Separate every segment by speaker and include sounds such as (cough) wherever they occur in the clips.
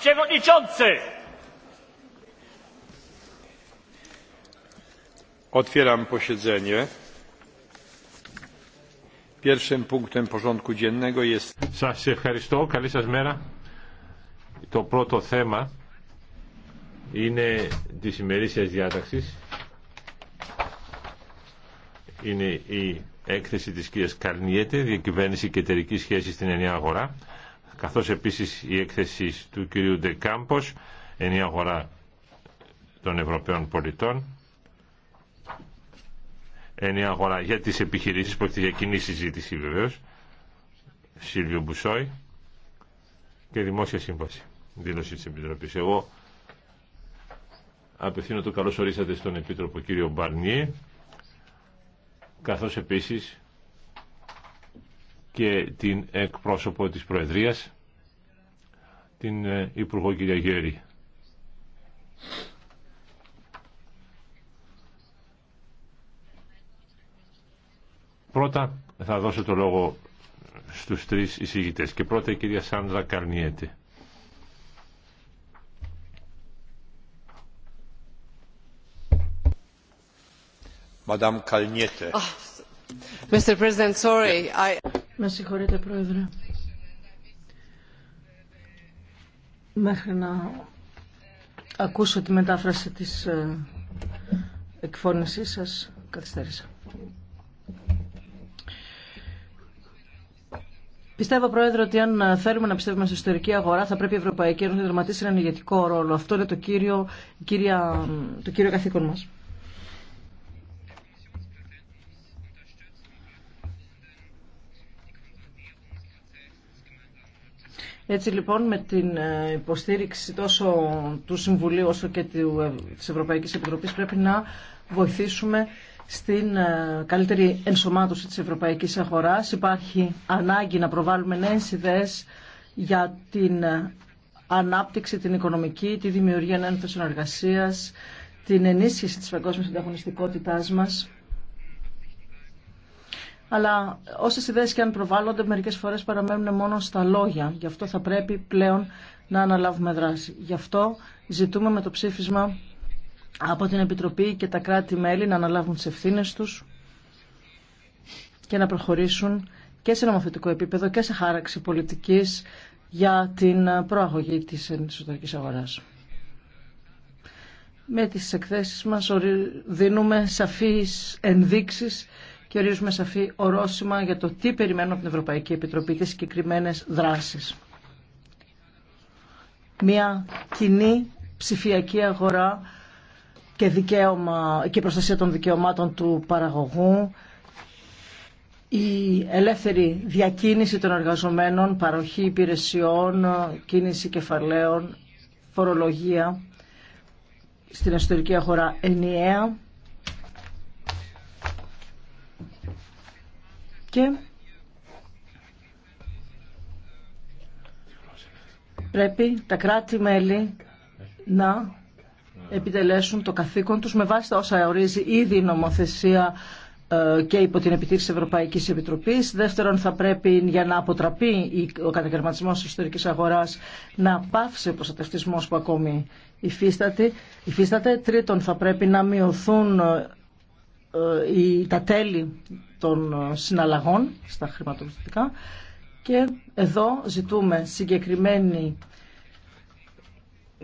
Speaker 1: przewodniczący! Otwieram posiedzenie. Pierwszym punktem porządku dziennego jest... Σας ευχαριστώ. Καλή σας μέρα. Το πρώτο θέμα είναι της ημερήσιας διάταξης. Είναι η έκθεση της κυρίας Καρνιέτε, διακυβέρνηση και εταιρική σχέση στην ενιαία αγορά καθώς επίσης η έκθεση του κυρίου Ντεκάμπος εν η αγορά των Ευρωπαίων πολιτών εν η αγορά για τις επιχειρήσεις που έχει κοινή συζήτηση βεβαίως Σίλβιο Μπουσόη και δημόσια σύμβαση δήλωση της Επιτροπής εγώ απευθύνω το καλώς ορίσατε στον Επίτροπο κύριο Μπαρνιέ καθώς επίσης και την εκπρόσωπο της Προεδρίας, την ε, Υπουργό κυρία Γέρη. Πρώτα θα δώσω το λόγο στους τρεις εισηγητές και πρώτα η κυρία Σάντρα Καρνιέτη. Madame Kalniete. Ah,
Speaker 2: Mr. President, sorry. I... Με συγχωρείτε Πρόεδρε. Μέχρι να ακούσω τη μετάφραση της ε, εκφώνησής σας, καθυστέρησα. Πιστεύω, Πρόεδρε, ότι αν θέλουμε να πιστεύουμε στην ιστορική αγορά, θα πρέπει η Ευρωπαϊκή Ένωση να δραματίσει έναν ηγετικό ρόλο. Αυτό είναι το κύριο, το κύριο καθήκον μας. Έτσι λοιπόν με την ε, υποστήριξη τόσο του Συμβουλίου όσο και ε, της Ευρωπαϊκής Επιτροπής πρέπει να βοηθήσουμε στην ε, καλύτερη ενσωμάτωση της ευρωπαϊκής αγοράς. Υπάρχει ανάγκη να προβάλλουμε νέες ιδέες για την ανάπτυξη, την οικονομική, τη δημιουργία νέων θέσεων την ενίσχυση της παγκόσμιας ανταγωνιστικότητάς μας αλλά όσες ιδέες και αν προβάλλονται μερικές φορές παραμένουν μόνο στα λόγια. Γι' αυτό θα πρέπει πλέον να αναλάβουμε δράση. Γι' αυτό ζητούμε με το ψήφισμα από την Επιτροπή και τα κράτη-μέλη να αναλάβουν τις ευθύνε τους και να προχωρήσουν και σε νομοθετικό επίπεδο και σε χάραξη πολιτικής για την προαγωγή της εσωτερικής αγοράς. Με τις εκθέσεις μας δίνουμε σαφείς ενδείξεις και ορίζουμε σαφή ορόσημα για το τι περιμένουμε από την Ευρωπαϊκή Επιτροπή, τις συγκεκριμένε δράσεις. Μια κοινή ψηφιακή αγορά και, δικαίωμα, και προστασία των δικαιωμάτων του παραγωγού, η ελεύθερη διακίνηση των εργαζομένων, παροχή υπηρεσιών, κίνηση κεφαλαίων, φορολογία στην εσωτερική αγορά ενιαία και πρέπει τα κράτη-μέλη να επιτελέσουν το καθήκον τους με βάση τα όσα ορίζει ήδη η νομοθεσία ε, και υπό την επιτήρηση της Ευρωπαϊκής Επιτροπής. Δεύτερον, θα πρέπει για να αποτραπεί ο κατακαιρματισμός της ιστορικής αγοράς να πάυσει ο προστατευτισμός που ακόμη υφίσταται. Τρίτον, θα πρέπει να μειωθούν ε, ε, τα τέλη των ε, συναλλαγών στα χρηματοπιστικά και εδώ ζητούμε συγκεκριμένη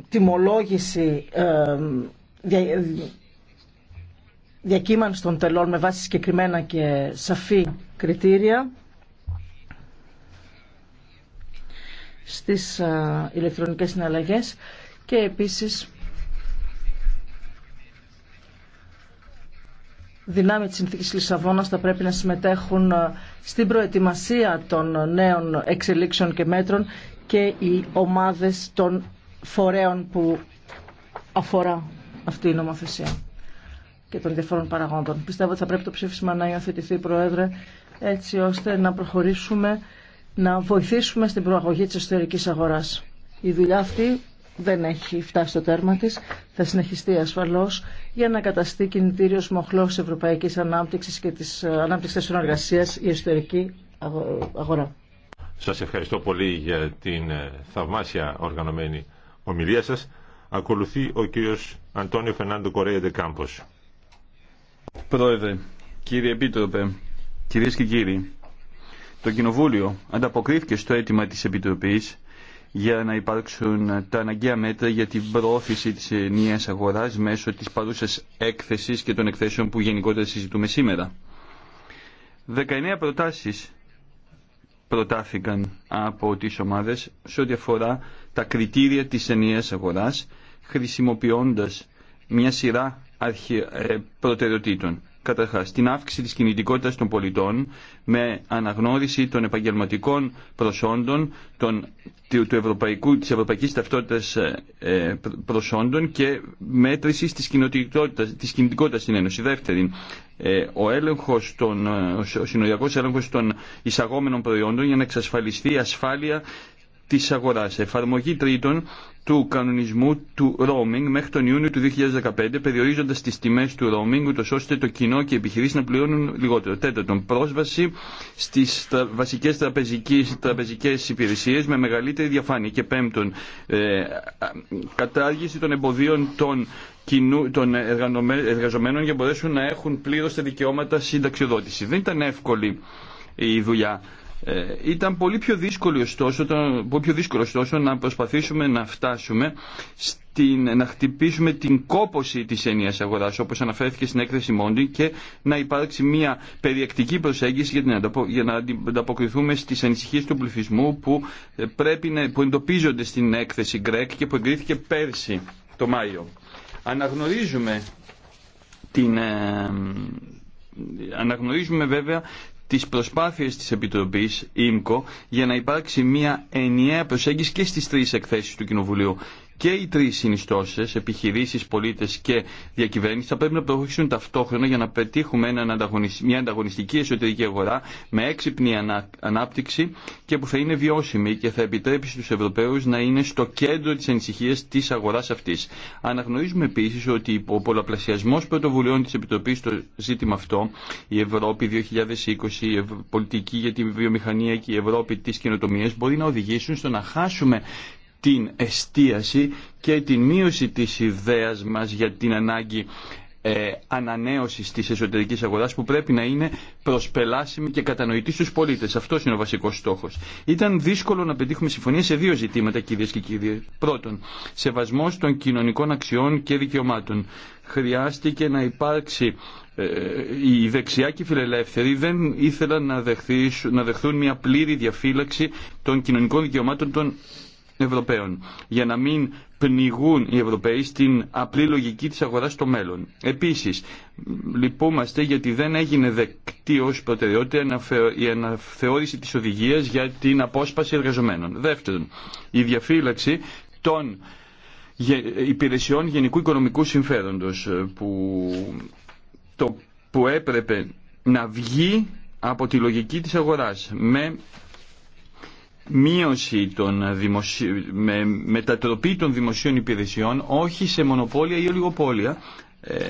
Speaker 2: τιμολόγηση ε, διακύμανση των τελών με βάση συγκεκριμένα και σαφή κριτήρια στις ε, ηλεκτρονικές συναλλαγές και επίσης δυνάμει της συνθήκης Λισαβόνας θα πρέπει να συμμετέχουν ε, στην προετοιμασία των ε, νέων εξελίξεων και μέτρων και οι ομάδες των φορέων που αφορά αυτή η νομοθεσία και των διαφόρων παραγόντων. Πιστεύω ότι θα πρέπει το ψήφισμα να υιοθετηθεί, Προέδρε, έτσι ώστε να προχωρήσουμε, να βοηθήσουμε στην προαγωγή της εσωτερικής αγοράς. Η δουλειά αυτή δεν έχει φτάσει στο τέρμα τη. θα συνεχιστεί ασφαλώς για να καταστεί κινητήριος μοχλός της ευρωπαϊκής ανάπτυξης και της ε, ανάπτυξη τη η εσωτερική αγορά.
Speaker 1: Σας ευχαριστώ πολύ για την ε, θαυμάσια οργανωμένη ομιλία σας. Ακολουθεί ο κύριος Αντώνιο Φερνάντο Κορέα Κάμπος. Πρόεδρε, κύριε Επίτροπε, κυρίες και κύριοι, το
Speaker 3: Κοινοβούλιο ανταποκρίθηκε στο αίτημα τη Επιτροπή για να υπάρξουν τα αναγκαία μέτρα για την πρόθεση της νέας αγοράς μέσω της παρούσας έκθεσης και των εκθέσεων που γενικότερα συζητούμε σήμερα. 19 προτάσεις προτάθηκαν από τις ομάδες σε ό,τι αφορά τα κριτήρια της ενιαίας αγοράς χρησιμοποιώντας μια σειρά ε, προτεραιοτήτων καταρχά την αύξηση της κινητικότητας των πολιτών με αναγνώριση των επαγγελματικών προσόντων των, του, του ευρωπαϊκού, της ευρωπαϊκής ταυτότητας ε, ε, προσόντων και μέτρηση της κινητικότητας, της στην Ένωση. Δεύτερη, ε, ο, έλεγχος των, ο έλεγχος των εισαγόμενων προϊόντων για να εξασφαλιστεί η ασφάλεια της αγοράς. Εφαρμογή τρίτων του κανονισμού του roaming μέχρι τον Ιούνιο του 2015, περιορίζοντας τις τιμέ του roaming, ούτω ώστε το κοινό και οι επιχειρήσει να πληρώνουν λιγότερο. Τέταρτον, πρόσβαση στις βασικές τραπεζικές, τραπεζικές υπηρεσίες με μεγαλύτερη διαφάνεια. Και πέμπτον, ε, κατάργηση των εμποδίων των των εργαζομένων για να μπορέσουν να έχουν πλήρω τα δικαιώματα συνταξιοδότηση. Δεν ήταν εύκολη η δουλειά. Ε, ήταν πολύ πιο δύσκολο ωστόσο, πολύ πιο δύσκολο ωστόσο να προσπαθήσουμε να φτάσουμε στην, να χτυπήσουμε την κόποση της ενίας αγοράς όπως αναφέρθηκε στην έκθεση Μόντι και να υπάρξει μια περιεκτική προσέγγιση για, την, για να ανταποκριθούμε στις ανησυχίες του πληθυσμού που, ε, πρέπει να, που εντοπίζονται στην έκθεση Γκρέκ και που εγκρίθηκε πέρσι το Μάιο. Αναγνωρίζουμε την, ε, αναγνωρίζουμε βέβαια τις προσπάθειες της Επιτροπής ΙΜΚΟ για να υπάρξει μια ενιαία προσέγγιση και στις τρεις εκθέσεις του Κοινοβουλίου και οι τρει συνιστώσει, επιχειρήσει, πολίτε και διακυβέρνηση, θα πρέπει να προχωρήσουν ταυτόχρονα για να πετύχουμε μια ανταγωνιστική εσωτερική αγορά με έξυπνη ανάπτυξη και που θα είναι βιώσιμη και θα επιτρέψει στου Ευρωπαίου να είναι στο κέντρο τη ανησυχία τη αγορά αυτή. Αναγνωρίζουμε επίση ότι ο πολλαπλασιασμό πρωτοβουλειών τη Επιτροπή στο ζήτημα αυτό, η Ευρώπη 2020, η πολιτική για τη βιομηχανία και η Ευρώπη τη καινοτομία, μπορεί να οδηγήσουν στο να χάσουμε την εστίαση και την μείωση της ιδέας μας για την ανάγκη ε, ανανέωσης της εσωτερικής αγοράς που πρέπει να είναι προσπελάσιμη και κατανοητή στους πολίτες. Αυτός είναι ο βασικός στόχος. Ήταν δύσκολο να πετύχουμε συμφωνία σε δύο ζητήματα κυρίες και κύριοι. Πρώτον, σεβασμός των κοινωνικών αξιών και δικαιωμάτων. Χρειάστηκε να υπάρξει ε, η δεξιά και οι φιλελεύθεροι δεν ήθελαν να, δεχθούν μια πλήρη διαφύλαξη των κοινωνικών δικαιωμάτων των Ευρωπαίων για να μην πνιγούν οι Ευρωπαίοι στην απλή λογική της αγοράς στο μέλλον. Επίσης, λυπούμαστε γιατί δεν έγινε δεκτή ως προτεραιότητα η αναθεώρηση της οδηγίας για την απόσπαση εργαζομένων. Δεύτερον, η διαφύλαξη των υπηρεσιών γενικού οικονομικού συμφέροντος ε, που, το, που έπρεπε να βγει από τη λογική της αγοράς με μείωση των δημοσι... με μετατροπή των δημοσίων υπηρεσιών όχι σε μονοπόλια ή ολιγοπόλια ε,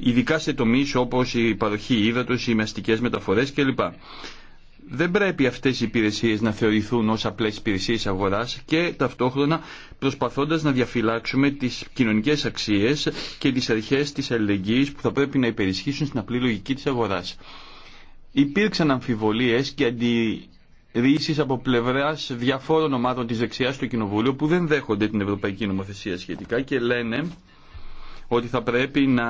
Speaker 3: ειδικά σε τομείς όπως η παροχή ύδατος, οι μαστικές μεταφορές κλπ. Δεν πρέπει αυτές οι υπηρεσίες να θεωρηθούν ως απλές υπηρεσίες αγοράς και ταυτόχρονα προσπαθώντας να διαφυλάξουμε τις κοινωνικές αξίες και τις αρχές της αλληλεγγύης που θα πρέπει να υπερισχύσουν στην απλή λογική της αγοράς. Υπήρξαν αμφιβολίες και αντι Ρίσεις από πλευράς διαφόρων ομάδων της δεξιάς του Κοινοβούλιο που δεν δέχονται την Ευρωπαϊκή Νομοθεσία σχετικά και λένε ότι θα πρέπει να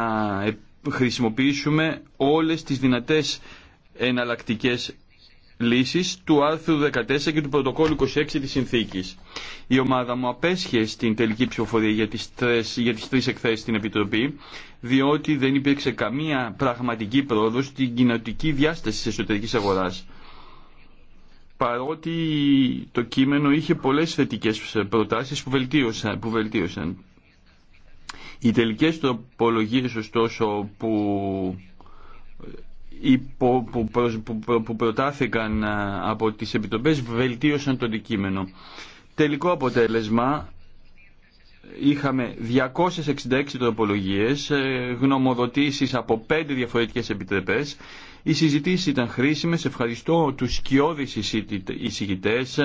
Speaker 3: χρησιμοποιήσουμε όλες τις δυνατές εναλλακτικές λύσεις του άρθρου 14 και του πρωτοκόλλου 26 της συνθήκης. Η ομάδα μου απέσχε στην τελική ψηφοφορία για τις, τρες, για τις τρεις εκθέσεις στην Επιτροπή, διότι δεν υπήρξε καμία πραγματική πρόοδος στην κοινωτική διάσταση της εσωτερικής αγοράς παρότι το κείμενο είχε πολλές θετικές προτάσεις που βελτίωσαν, που βελτίωσαν. Οι τελικές τροπολογίες ωστόσο που, που, που, που, προτάθηκαν ε, από τις επιτροπές βελτίωσαν το αντικείμενο. Τελικό αποτέλεσμα είχαμε 266 τροπολογίες, ε, γνωμοδοτήσεις από πέντε διαφορετικές επιτρεπές. Οι συζητήσεις ήταν χρήσιμες. Ευχαριστώ τους σκιώδεις εισηγητές,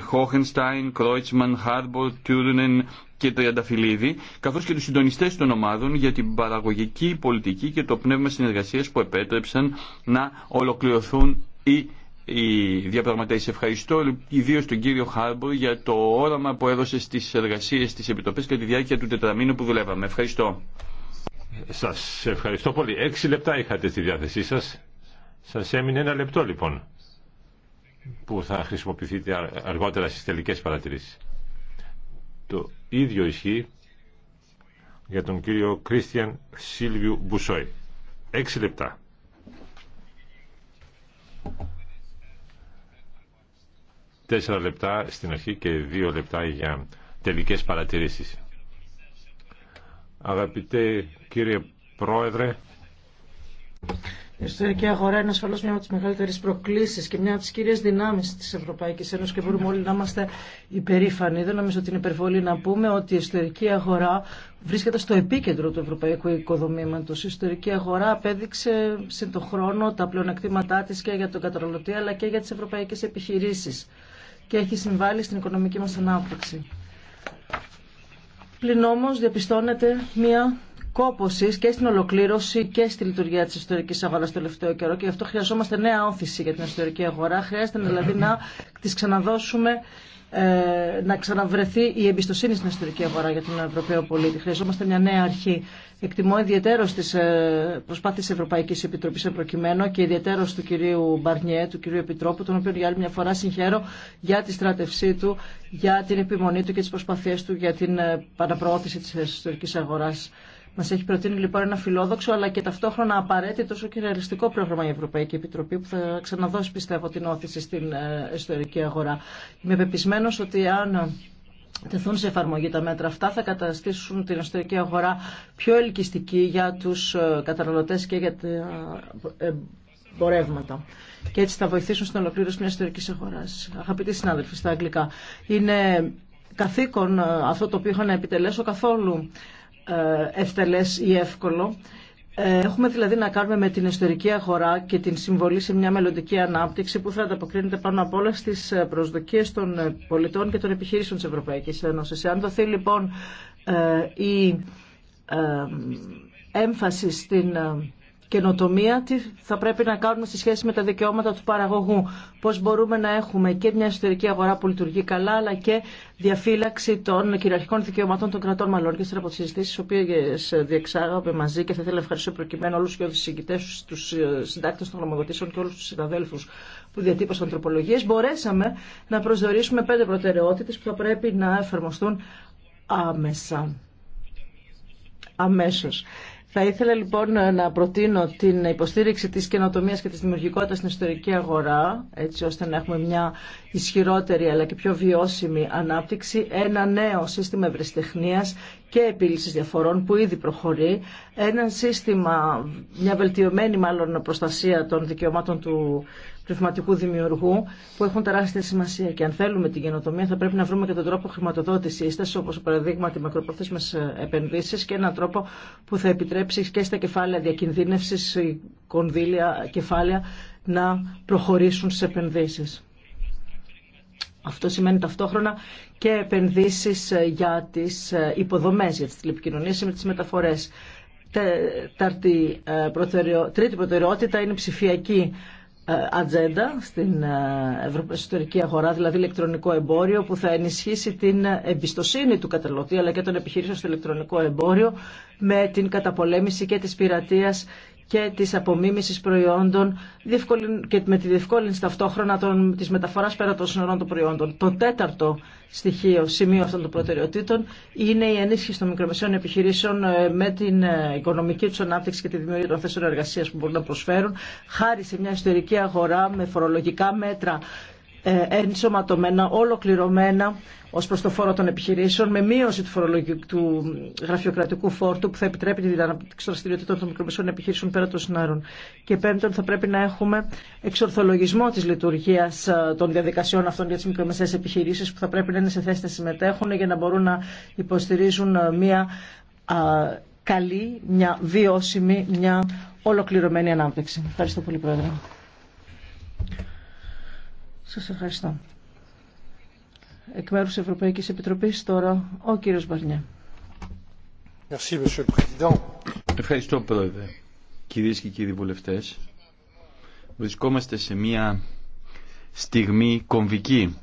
Speaker 3: Χόχενστάιν, Κρόιτσμαν, Χάρμπορ, Τούρνεν και Τριανταφυλλίδη, καθώς και τους συντονιστές των ομάδων για την παραγωγική πολιτική και το πνεύμα συνεργασίας που επέτρεψαν να ολοκληρωθούν οι οι διαπραγματεύσει. Ευχαριστώ ιδίω τον κύριο Χάρμπορ για το όραμα που έδωσε στι
Speaker 1: εργασίε τη Επιτροπή και τη διάρκεια του τετραμήνου που δουλεύαμε. Ευχαριστώ. Σα ευχαριστώ πολύ. Έξι λεπτά είχατε στη διάθεσή σα. Σα έμεινε ένα λεπτό λοιπόν που θα χρησιμοποιηθείτε αργότερα στις τελικές παρατηρήσεις. Το ίδιο ισχύει για τον κύριο Κρίστιαν Σίλβιου Μπουσόη. Έξι λεπτά τέσσερα λεπτά στην αρχή και δύο λεπτά για τελικές παρατηρήσεις. Αγαπητέ κύριε Πρόεδρε,
Speaker 2: η ιστορική αγορά είναι ασφαλώ μια από τι μεγαλύτερε προκλήσει και μια από τι κυρίε δυνάμει τη Ευρωπαϊκή Ένωση και μπορούμε όλοι να είμαστε υπερήφανοι. Δεν νομίζω ότι είναι υπερβολή να πούμε ότι η ιστορική αγορά βρίσκεται στο επίκεντρο του ευρωπαϊκού οικοδομήματος. Η ιστορική αγορά απέδειξε σε το χρόνο τα πλεονεκτήματά τη και για τον καταναλωτή αλλά και για τι ευρωπαϊκέ επιχειρήσει και έχει συμβάλει στην οικονομική μας ανάπτυξη. Πλην όμω, διαπιστώνεται μία κόπωση και στην ολοκλήρωση και στη λειτουργία τη ιστορική αγορά το τελευταίο καιρό και γι' αυτό χρειαζόμαστε νέα όθηση για την ιστορική αγορά. Χρειάζεται δηλαδή να τις ξαναδώσουμε ε, να ξαναβρεθεί η εμπιστοσύνη στην εσωτερική αγορά για τον Ευρωπαίο πολίτη. Χρειαζόμαστε μια νέα αρχή. Εκτιμώ ιδιαίτερω τι ε, προσπάθειε Ευρωπαϊκή Επιτροπή προκειμένου και ιδιαίτερω του κυρίου Μπαρνιέ, του κυρίου Επιτρόπου, τον οποίο για άλλη μια φορά συγχαίρω για τη στράτευσή του, για την επιμονή του και τι προσπαθίε του για την ε, παραπροώθηση τη εσωτερική αγορά Μα έχει προτείνει λοιπόν ένα φιλόδοξο αλλά και ταυτόχρονα απαραίτητο όσο και ρεαλιστικό πρόγραμμα η Ευρωπαϊκή Επιτροπή που θα ξαναδώσει πιστεύω την όθηση στην ε, εσωτερική αγορά. Είμαι πεπισμένο ότι αν ε, τεθούν σε εφαρμογή τα μέτρα αυτά θα καταστήσουν την εσωτερική αγορά πιο ελκυστική για του ε, καταναλωτέ και για τα εμπορεύματα. Και έτσι θα βοηθήσουν στην ολοκλήρωση μια εσωτερική αγορά. Αγαπητοί συνάδελφοι στα αγγλικά, είναι καθήκον αυτό το οποίο είχα να επιτελέσω καθόλου ε, ευτελές ή εύκολο. Ε, έχουμε δηλαδή να κάνουμε με την ιστορική αγορά και την συμβολή σε μια μελλοντική ανάπτυξη που θα ανταποκρίνεται πάνω απ' όλα στι ε, προσδοκίε των πολιτών και των επιχειρήσεων τη Ευρωπαϊκή Ένωση. Αν δοθεί λοιπόν η έμφαση στην καινοτομία, τι θα πρέπει να κάνουμε στη σχέση με τα δικαιώματα του παραγωγού. Πώ μπορούμε να έχουμε και μια εσωτερική αγορά που λειτουργεί καλά, αλλά και διαφύλαξη των κυριαρχικών δικαιωμάτων των κρατών μαλλών. Και από τι συζητήσει, οποίε διεξάγαμε μαζί και θα ήθελα να ευχαριστήσω προκειμένου όλου ε, και του συγκητέ, του συντάκτε των νομοδοτήσεων και όλου του συναδέλφου που διατύπωσαν τροπολογίε, μπορέσαμε να προσδιορίσουμε πέντε προτεραιότητε που θα πρέπει να εφαρμοστούν άμεσα. Αμέσως. Θα ήθελα λοιπόν να προτείνω την υποστήριξη της καινοτομίας και της δημιουργικότητας στην ιστορική αγορά, έτσι ώστε να έχουμε μια ισχυρότερη αλλά και πιο βιώσιμη ανάπτυξη, ένα νέο σύστημα ευρεσιτεχνίας και επίλυσης διαφορών που ήδη προχωρεί, ένα σύστημα, μια βελτιωμένη μάλλον προστασία των δικαιωμάτων του πνευματικού δημιουργού που έχουν τεράστια σημασία. Και αν θέλουμε την καινοτομία, θα πρέπει να βρούμε και τον τρόπο χρηματοδότησή τη, όπω παραδείγμα τη μακροπρόθεσμε ε, επενδύσει και έναν τρόπο που θα επιτρέψει και στα κεφάλαια διακινδύνευση, κονδύλια, κεφάλαια να προχωρήσουν στι επενδύσει. Αυτό σημαίνει ταυτόχρονα και επενδύσει ε, για τι ε, υποδομέ για τις τηλεπικοινωνίες με τις μεταφορές. Τρίτη προτεραιότητα είναι η ψηφιακή ε, ατζέντα στην ε, εσωτερική αγορά, δηλαδή ηλεκτρονικό εμπόριο, που θα ενισχύσει την εμπιστοσύνη του καταναλωτή αλλά και των επιχειρήσεων στο ηλεκτρονικό εμπόριο με την καταπολέμηση και της πειρατείας και της απομίμησης προϊόντων και με τη διευκόλυνση ταυτόχρονα των, της μεταφοράς πέρα των σύνορων των προϊόντων. Το τέταρτο στοιχείο, σημείο αυτών των προτεραιοτήτων είναι η ενίσχυση των μικρομεσαίων επιχειρήσεων ε, με την ε, οικονομική του ανάπτυξη και τη δημιουργία των θέσεων εργασία που μπορούν να προσφέρουν χάρη σε μια ιστορική αγορά με φορολογικά μέτρα ε, ενσωματωμένα, ολοκληρωμένα ω προ το φόρο των επιχειρήσεων, με μείωση του, του γραφειοκρατικού φόρτου που θα επιτρέπει την αναπτύξη των δραστηριοτήτων των μικρομεσαίων επιχειρήσεων πέρα των συνάρων. Και πέμπτον, θα πρέπει να έχουμε εξορθολογισμό τη λειτουργία ε, των διαδικασιών αυτών για τι μικρομεσαίε επιχειρήσει που θα πρέπει να είναι σε θέση να συμμετέχουν για να μπορούν να υποστηρίζουν ε, μια καλή, μια βιώσιμη, μια ολοκληρωμένη ανάπτυξη. Ευχαριστώ πολύ, Πρόεδρε. Σα ευχαριστώ. Εκ μέρου τη Ευρωπαϊκής τώρα ο κύριο Μπαρνιέ.
Speaker 3: Ευχαριστώ πρόεδρε. κύριε και κύριοι βουλευτέ, βρισκόμαστε σε μια στιγμή κομβική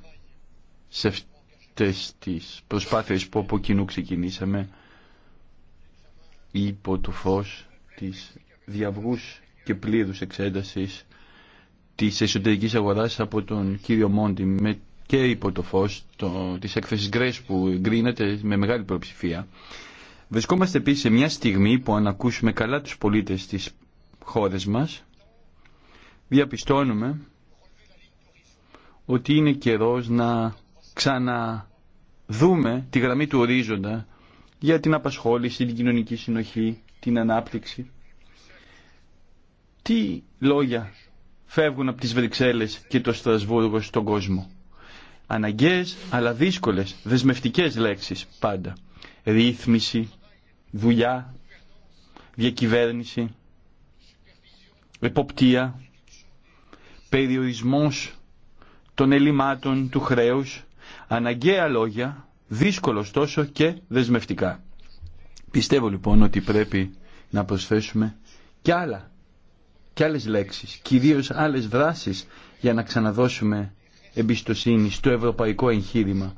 Speaker 3: σε αυτέ τι προσπάθειε που από κοινού ξεκινήσαμε υπό το φω της διαυγού και πλήρους εξέντασης τη εσωτερική αγορά από τον κύριο Μόντι με και υπό το φω τη της Grace που εγκρίνεται με μεγάλη προψηφία. Βρισκόμαστε επίση σε μια στιγμή που αν ακούσουμε καλά τους πολίτες της χώρα μας, διαπιστώνουμε ότι είναι καιρό να ξαναδούμε τη γραμμή του ορίζοντα για την απασχόληση, την κοινωνική συνοχή, την ανάπτυξη. Τι λόγια φεύγουν από τις Βρυξέλλες και το Στρασβούργο στον κόσμο. Αναγκαίες αλλά δύσκολες, δεσμευτικές λέξεις πάντα. Ρύθμιση, δουλειά, διακυβέρνηση, εποπτεία, περιορισμός των ελλημάτων του χρέους, αναγκαία λόγια, δύσκολο τόσο και δεσμευτικά. Πιστεύω λοιπόν ότι πρέπει να προσθέσουμε και άλλα και άλλες λέξεις, κυρίως άλλες δράσεις για να ξαναδώσουμε εμπιστοσύνη στο ευρωπαϊκό εγχείρημα.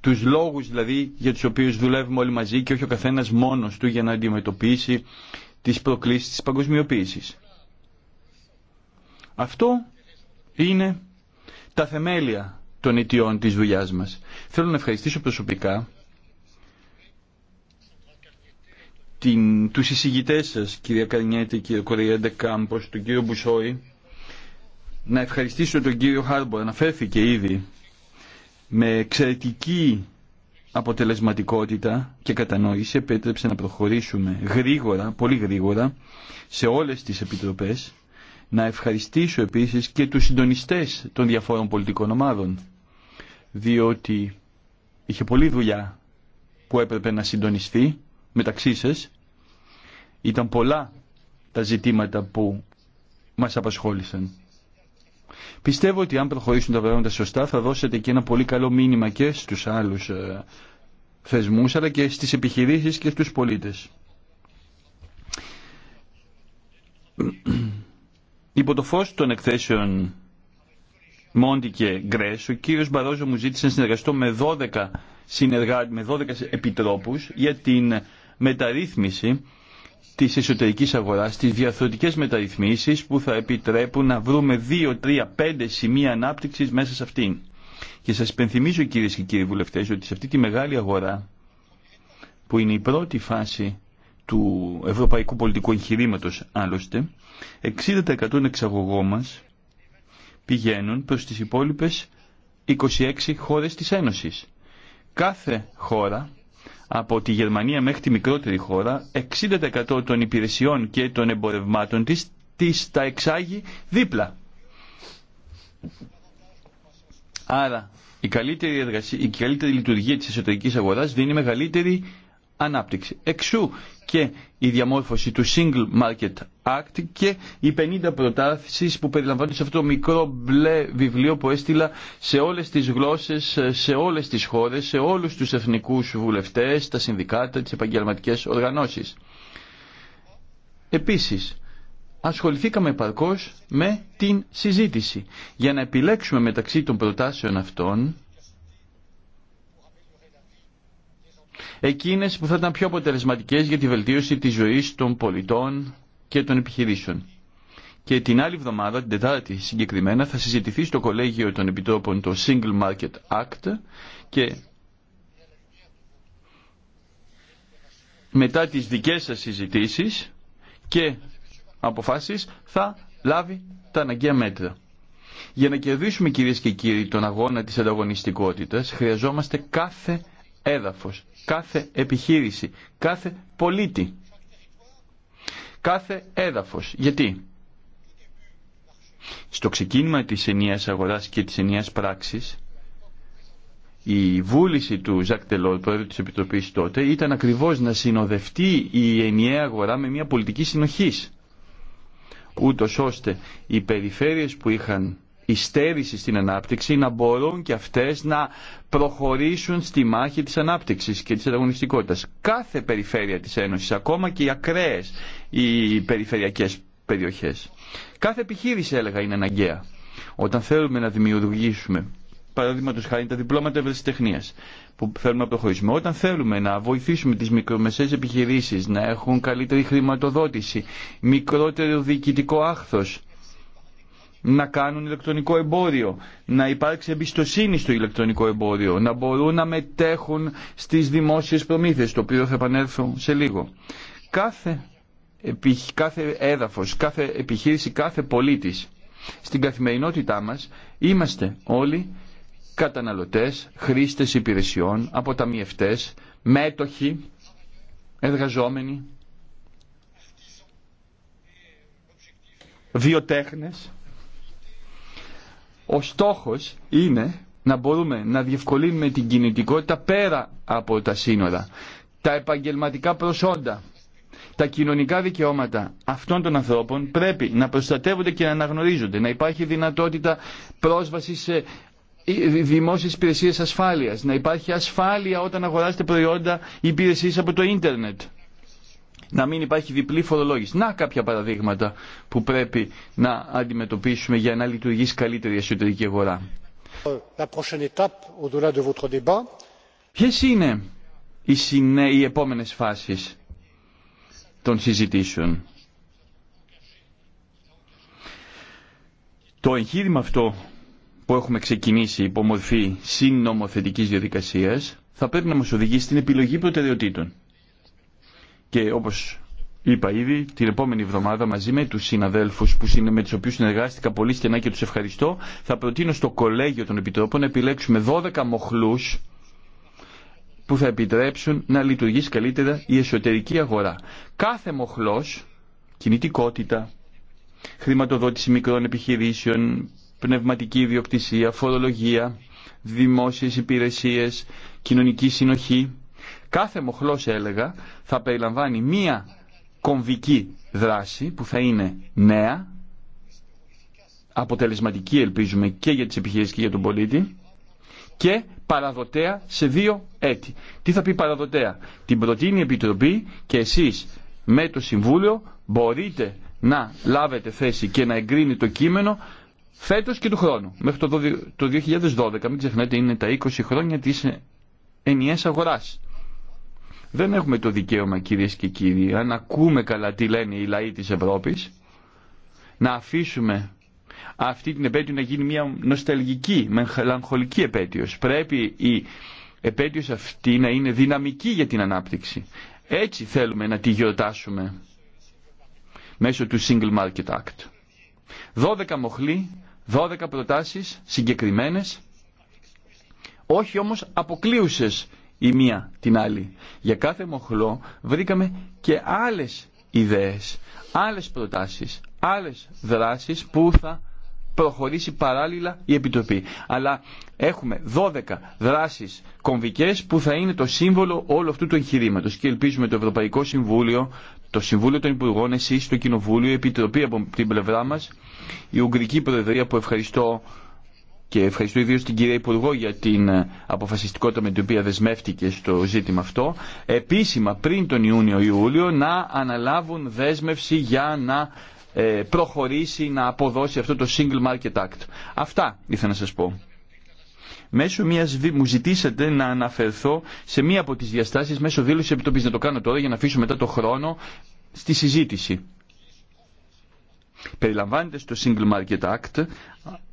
Speaker 3: Τους λόγους δηλαδή για τους οποίους δουλεύουμε όλοι μαζί και όχι ο καθένας μόνος του για να αντιμετωπίσει τις προκλήσεις της παγκοσμιοποίησης. Αυτό είναι τα θεμέλια των αιτιών της δουλειά μας. Θέλω να ευχαριστήσω προσωπικά την, τους εισηγητές σας, κυρία Καρνιέτη, κύριε Κοριέντε Κάμπος, τον κύριο Μπουσόη, να ευχαριστήσω τον κύριο Χάρμπο, αναφέρθηκε ήδη, με εξαιρετική αποτελεσματικότητα και κατανόηση επέτρεψε να προχωρήσουμε γρήγορα, πολύ γρήγορα, σε όλες τις επιτροπές, να ευχαριστήσω επίσης και τους συντονιστές των διαφόρων πολιτικών ομάδων, διότι είχε πολλή δουλειά που έπρεπε να συντονιστεί μεταξύ σας. Ήταν πολλά τα ζητήματα που μας απασχόλησαν. Πιστεύω ότι αν προχωρήσουν τα πράγματα σωστά θα δώσετε και ένα πολύ καλό μήνυμα και στους άλλους ε, θεσμούς αλλά και στις επιχειρήσεις και στους πολίτες. Υπό το φως των εκθέσεων Μόντι και Γκρέσ, ο κύριος Μπαρόζο μου ζήτησε να συνεργαστώ με 12, συνεργά, με 12 επιτρόπους για την μεταρρύθμιση τη εσωτερική αγορά, τι διαθροτικέ μεταρρυθμίσει που θα επιτρέπουν να βρούμε 2, 3, 5 σημεία ανάπτυξης μέσα σε αυτήν. Και σα υπενθυμίζω κύριε και κύριοι βουλευτέ, ότι σε αυτή τη μεγάλη αγορά που είναι η πρώτη φάση του ευρωπαϊκού πολιτικού εγχειρήματο άλλωστε, 60% των εξαγωγών μα πηγαίνουν προ τι υπόλοιπε 26 χώρε τη Ένωση. Κάθε χώρα από τη Γερμανία μέχρι τη μικρότερη χώρα, 60% των υπηρεσιών και των εμπορευμάτων της, της τα εξάγει δίπλα. Άρα η καλύτερη, εργασία, η καλύτερη λειτουργία της εσωτερικής αγοράς δίνει μεγαλύτερη ανάπτυξη. Εξού και η διαμόρφωση του Single Market Act και οι 50 προτάσεις που περιλαμβάνουν σε αυτό το μικρό μπλε βιβλίο που έστειλα σε όλες τις γλώσσες, σε όλες τις χώρες, σε όλους τους εθνικούς βουλευτές, τα συνδικάτα, τις επαγγελματικές οργανώσεις. Επίσης, ασχοληθήκαμε παρκώς με την συζήτηση για να επιλέξουμε μεταξύ των προτάσεων αυτών εκείνες που θα ήταν πιο αποτελεσματικέ για τη βελτίωση της ζωής των πολιτών και των επιχειρήσεων. Και την άλλη εβδομάδα, την Τετάρτη συγκεκριμένα, θα συζητηθεί στο Κολέγιο των Επιτρόπων το Single Market Act και μετά τις δικές σας συζητήσεις και αποφάσεις θα λάβει τα αναγκαία μέτρα. Για να κερδίσουμε κυρίε και κύριοι τον αγώνα της ανταγωνιστικότητας χρειαζόμαστε κάθε έδαφος, κάθε επιχείρηση, κάθε πολίτη, κάθε έδαφος. Γιατί στο ξεκίνημα της ενιαίας αγοράς και της ενιαίας πράξης η βούληση του Ζακ Τελόρ, πρόεδρου της Επιτροπής τότε, ήταν ακριβώς να συνοδευτεί η ενιαία αγορά με μια πολιτική συνοχής. Ούτως ώστε οι περιφέρειες που είχαν η στέρηση στην ανάπτυξη να μπορούν και αυτές να προχωρήσουν στη μάχη της ανάπτυξης και της ανταγωνιστικότητας. Κάθε περιφέρεια της Ένωσης, ακόμα και οι ακραίες οι περιφερειακές περιοχές. Κάθε επιχείρηση έλεγα είναι αναγκαία. Όταν θέλουμε να δημιουργήσουμε παραδείγματο χάρη τα διπλώματα ευρεσιτεχνία που θέλουμε να προχωρήσουμε. Όταν θέλουμε να βοηθήσουμε τι μικρομεσαίε επιχειρήσει να έχουν καλύτερη χρηματοδότηση, μικρότερο διοικητικό άχθο, να κάνουν ηλεκτρονικό εμπόριο, να υπάρξει εμπιστοσύνη στο ηλεκτρονικό εμπόριο, να μπορούν να μετέχουν στις δημόσιες προμήθειες, το οποίο θα επανέλθω σε λίγο. Κάθε, κάθε έδαφος, κάθε επιχείρηση, κάθε πολίτης στην καθημερινότητά μας είμαστε όλοι καταναλωτές, χρήστες υπηρεσιών, αποταμιευτές, μέτοχοι, εργαζόμενοι, βιοτέχνες ο στόχος είναι να μπορούμε να διευκολύνουμε την κινητικότητα πέρα από τα σύνορα. Τα επαγγελματικά προσόντα, τα κοινωνικά δικαιώματα αυτών των ανθρώπων πρέπει να προστατεύονται και να αναγνωρίζονται, να υπάρχει δυνατότητα πρόσβασης σε δημόσιες υπηρεσίες ασφάλειας, να υπάρχει ασφάλεια όταν αγοράζετε προϊόντα υπηρεσίες από το ίντερνετ να μην υπάρχει διπλή φορολόγηση. Να κάποια παραδείγματα που πρέπει να αντιμετωπίσουμε για να λειτουργήσει καλύτερη η εσωτερική αγορά. Ποιε είναι οι, συνέ... οι επόμενες φάσεις των συζητήσεων. Το εγχείρημα αυτό που έχουμε ξεκινήσει υπό μορφή συνομοθετικής διαδικασίας θα πρέπει να μας οδηγήσει στην επιλογή προτεραιοτήτων και όπως είπα ήδη την επόμενη εβδομάδα μαζί με τους συναδέλφους που είναι, με τους οποίους συνεργάστηκα πολύ στενά και τους ευχαριστώ θα προτείνω στο κολέγιο των επιτρόπων να επιλέξουμε 12 μοχλούς που θα επιτρέψουν να λειτουργήσει καλύτερα η εσωτερική αγορά. Κάθε μοχλός, κινητικότητα, χρηματοδότηση μικρών επιχειρήσεων, πνευματική ιδιοκτησία, φορολογία, δημόσιες υπηρεσίες, κοινωνική συνοχή, Κάθε μοχλός έλεγα θα περιλαμβάνει μία κομβική δράση που θα είναι νέα, αποτελεσματική ελπίζουμε και για τις επιχειρήσεις και για τον πολίτη και παραδοτέα σε δύο έτη. Τι θα πει παραδοτέα. Την προτείνει η Επιτροπή και εσείς με το Συμβούλιο μπορείτε να λάβετε θέση και να εγκρίνει το κείμενο φέτος και του χρόνου. Μέχρι το 2012, μην ξεχνάτε, είναι τα 20 χρόνια της ε, ενιαίας αγοράς. Δεν έχουμε το δικαίωμα κυρίες και κύριοι, αν ακούμε καλά τι λένε οι λαοί της Ευρώπης, να αφήσουμε αυτή την επέτειο να γίνει μια νοσταλγική, μελαγχολική επέτειος. Πρέπει η επέτειος αυτή να είναι δυναμική για την ανάπτυξη. Έτσι θέλουμε να τη γιορτάσουμε μέσω του Single Market Act. 12 μοχλοί, 12 προτάσεις συγκεκριμένες, όχι όμως αποκλείουσες η μία την άλλη. Για κάθε μοχλό βρήκαμε και άλλες ιδέες, άλλες προτάσεις, άλλες δράσεις που θα προχωρήσει παράλληλα η Επιτροπή. Αλλά έχουμε 12 δράσεις κομβικές που θα είναι το σύμβολο όλου αυτού του εγχειρήματο. και ελπίζουμε το Ευρωπαϊκό Συμβούλιο, το Συμβούλιο των Υπουργών, εσείς, το Κοινοβούλιο, η Επιτροπή από την πλευρά μας, η Ουγγρική Προεδρία που ευχαριστώ και ευχαριστώ ιδίω την κυρία Υπουργό για την ε, αποφασιστικότητα με την οποία δεσμεύτηκε στο ζήτημα αυτό, επίσημα πριν τον Ιούνιο-Ιούλιο να αναλάβουν δέσμευση για να ε, προχωρήσει, να αποδώσει αυτό το Single Market Act. Αυτά ήθελα να σας πω. Μέσω μιας, μου ζητήσατε να αναφερθώ σε μία από τις διαστάσεις μέσω δήλωση επιτροπής. Να το κάνω τώρα για να αφήσω μετά το χρόνο στη συζήτηση. Περιλαμβάνεται στο Single Market Act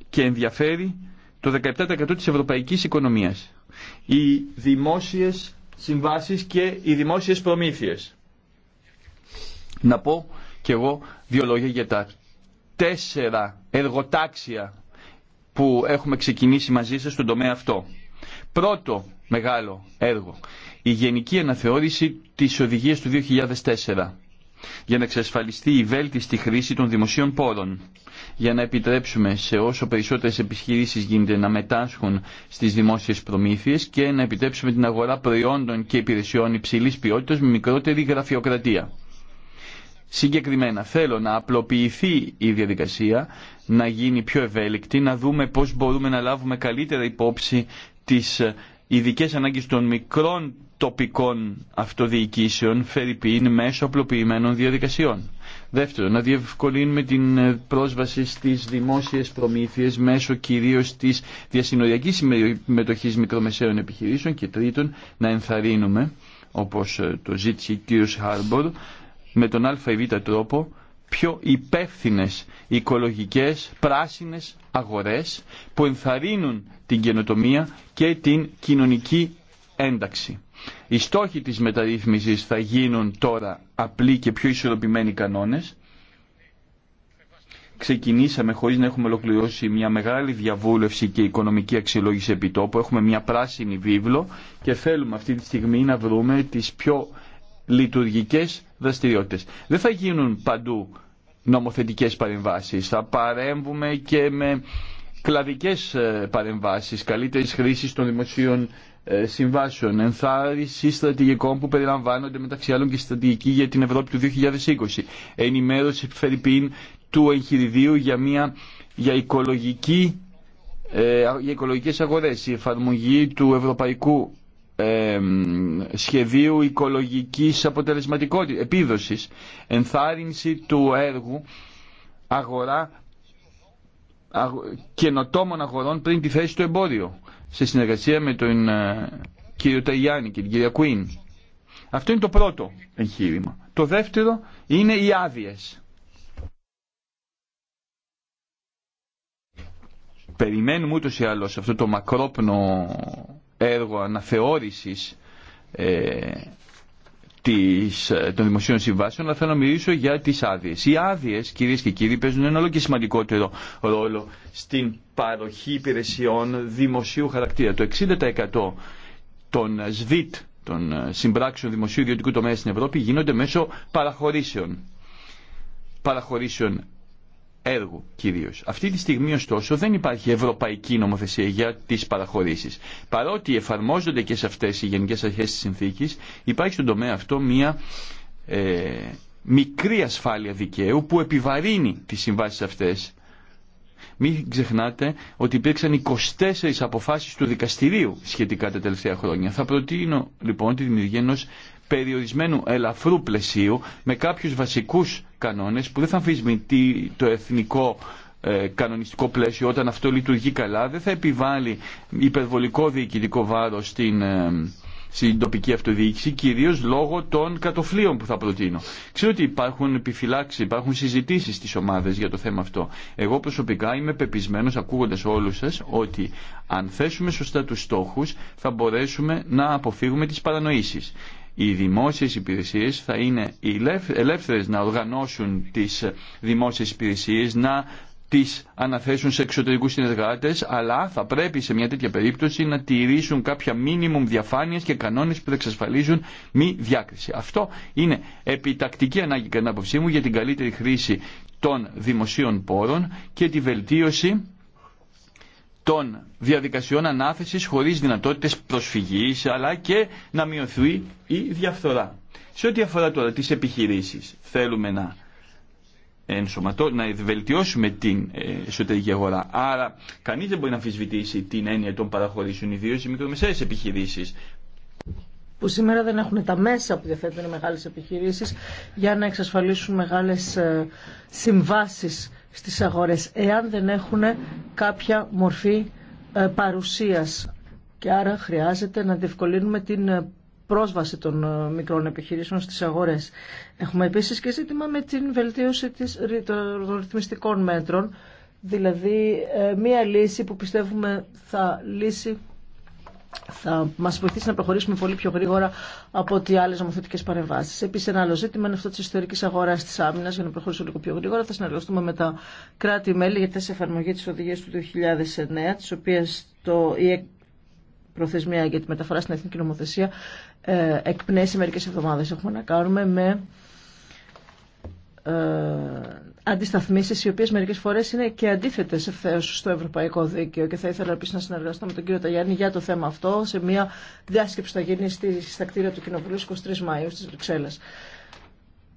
Speaker 3: και ενδιαφέρει το 17% της ευρωπαϊκής οικονομίας. Οι δημόσιες συμβάσεις και οι δημόσιες προμήθειες. Να πω και εγώ δύο λόγια για τα τέσσερα εργοτάξια που έχουμε ξεκινήσει μαζί σας στον τομέα αυτό. Πρώτο μεγάλο έργο, η γενική αναθεώρηση της οδηγίας του 2004 για να εξασφαλιστεί η βέλτιστη χρήση των δημοσίων πόρων, για να επιτρέψουμε σε όσο περισσότερες επιχειρήσεις γίνεται να μετάσχουν στις δημόσιες προμήθειες και να επιτρέψουμε την αγορά προϊόντων και υπηρεσιών υψηλής ποιότητας με μικρότερη γραφειοκρατία. Συγκεκριμένα θέλω να απλοποιηθεί η διαδικασία, να γίνει πιο ευέλικτη, να δούμε πώς μπορούμε να λάβουμε καλύτερα υπόψη τις ειδικέ ανάγκες των μικρών τοπικών αυτοδιοικήσεων φερειπίν μέσω απλοποιημένων διαδικασιών. Δεύτερον, να διευκολύνουμε την ε, πρόσβαση στις δημόσιες προμήθειες μέσω κυρίως της διασυνοριακής συμμετοχής μικρομεσαίων επιχειρήσεων και τρίτον, να ενθαρρύνουμε, όπως ε, το ζήτησε ο κ. Χάρμπορ, με τον αλφα-β τρόπο πιο υπεύθυνε οικολογικές πράσινες αγορές που ενθαρρύνουν την καινοτομία και την κοινωνική ένταξη. Οι στόχοι της μεταρρύθμισης θα γίνουν τώρα απλοί και πιο ισορροπημένοι κανόνες. Ξεκινήσαμε χωρίς να έχουμε ολοκληρώσει μια μεγάλη διαβούλευση και οικονομική αξιολόγηση επιτόπου. Έχουμε μια πράσινη βίβλο και θέλουμε αυτή τη στιγμή να βρούμε τις πιο λειτουργικές δραστηριότητες. Δεν θα γίνουν παντού νομοθετικές παρεμβάσεις. Θα παρέμβουμε και με κλαδικές ε, παρεμβάσεις, καλύτερης χρήσης των δημοσίων ε, συμβάσεων, ενθάρρυνση στρατηγικών που περιλαμβάνονται μεταξύ άλλων και στρατηγική για την Ευρώπη του 2020, ενημέρωση φερρυπίν του εγχειριδίου για, μια, για οικολογική ε, για οικολογικές αγορές, η εφαρμογή του ευρωπαϊκού σχεδίου οικολογικής αποτελεσματικότητας, επίδοσης, ενθάρρυνση του έργου αγορά καινοτόμων αγορών πριν τη θέση του εμπόριο σε συνεργασία με τον ε, κύριο και την κυρία Κουίν. Αυτό είναι το πρώτο εγχείρημα. Το δεύτερο είναι οι άδειε. Περιμένουμε ούτως ή άλλως αυτό το μακρόπνο έργο αναθεώρησης ε, της, ε, των δημοσίων συμβάσεων, αλλά θέλω να μιλήσω για τις άδειε. Οι άδειε, κυρίε και κύριοι, παίζουν ένα όλο και σημαντικότερο ρόλο στην παροχή υπηρεσιών δημοσίου χαρακτήρα. Το 60% των ΣΒΙΤ, των ε, συμπράξεων δημοσίου ιδιωτικού τομέα στην Ευρώπη, γίνονται μέσω παραχωρήσεων. Παραχωρήσεων έργου κυρίω. Αυτή τη στιγμή ωστόσο δεν υπάρχει ευρωπαϊκή νομοθεσία για τι παραχωρήσει. Παρότι εφαρμόζονται και σε αυτέ οι γενικέ αρχέ τη συνθήκη, υπάρχει στον τομέα αυτό μία ε, μικρή ασφάλεια δικαίου που επιβαρύνει τι συμβάσει αυτέ. Μην ξεχνάτε ότι υπήρξαν 24 αποφάσεις του δικαστηρίου σχετικά τα τελευταία χρόνια. Θα προτείνω λοιπόν τη δημιουργία ενός περιορισμένου ελαφρού πλαισίου με κάποιους βασικούς κανόνες που δεν θα αμφισβητεί το εθνικό ε, κανονιστικό πλαίσιο όταν αυτό λειτουργεί καλά, δεν θα επιβάλλει υπερβολικό διοικητικό βάρος στην, ε, στην τοπική αυτοδιοίκηση, κυρίω λόγω των κατοφλίων που θα προτείνω. Ξέρω ότι υπάρχουν επιφυλάξει, υπάρχουν συζητήσει στι ομάδε για το θέμα αυτό. Εγώ προσωπικά είμαι πεπισμένο, ακούγοντα όλου σα, ότι αν θέσουμε σωστά του στόχου, θα μπορέσουμε να αποφύγουμε τι παρανοήσει οι δημόσιες υπηρεσίες θα είναι ελεύθερες να οργανώσουν τις δημόσιες υπηρεσίες, να τις αναθέσουν σε εξωτερικούς συνεργάτες, αλλά θα πρέπει σε μια τέτοια περίπτωση να τηρήσουν κάποια μίνιμουμ διαφάνειες και κανόνες που θα εξασφαλίζουν μη διάκριση. Αυτό είναι επιτακτική ανάγκη κατά άποψή μου για την καλύτερη χρήση των δημοσίων πόρων και τη βελτίωση των διαδικασιών ανάθεσης χωρίς δυνατότητες προσφυγής αλλά και να μειωθεί η διαφθορά. Σε ό,τι αφορά τώρα τις επιχειρήσεις θέλουμε να ενσωματώ, να βελτιώσουμε την ε, εσωτερική αγορά. Άρα κανείς δεν μπορεί να αμφισβητήσει την έννοια των παραχωρήσεων ιδίως οι μικρομεσαίες επιχειρήσεις
Speaker 2: που σήμερα δεν έχουν τα μέσα που διαθέτουν οι μεγάλες επιχειρήσεις για να εξασφαλίσουν μεγάλες ε, συμβάσεις στις αγορές εάν δεν έχουν κάποια μορφή ε, παρουσίας και άρα χρειάζεται να διευκολύνουμε την ε, πρόσβαση των ε, μικρών επιχειρήσεων στις αγορές. Έχουμε επίσης και ζήτημα με την βελτίωση των ρυθμιστικών μέτρων, δηλαδή μία λύση που πιστεύουμε θα λύσει θα μα βοηθήσει να προχωρήσουμε πολύ πιο γρήγορα από ότι άλλε νομοθετικέ παρεμβάσει. Επίση, ένα άλλο ζήτημα είναι αυτό τη ιστορική αγορά τη άμυνα. Για να προχωρήσω λίγο πιο γρήγορα, θα συνεργαστούμε με τα κράτη-μέλη για θέση εφαρμογή τη οδηγία του 2009, τη οποία η προθεσμία για τη μεταφορά στην εθνική νομοθεσία ε, εκπνέει σε μερικέ εβδομάδε. Έχουμε να κάνουμε με ε, αντισταθμίσεις οι οποίες μερικές φορές είναι και αντίθετες ευθέως στο ευρωπαϊκό δίκαιο και θα ήθελα επίσης να συνεργαστώ με τον κύριο Ταγιάννη για το θέμα αυτό σε μια διάσκεψη που θα γίνει στα κτίρια του Κοινοβουλίου 23 Μαΐου στις Βρυξέλλες.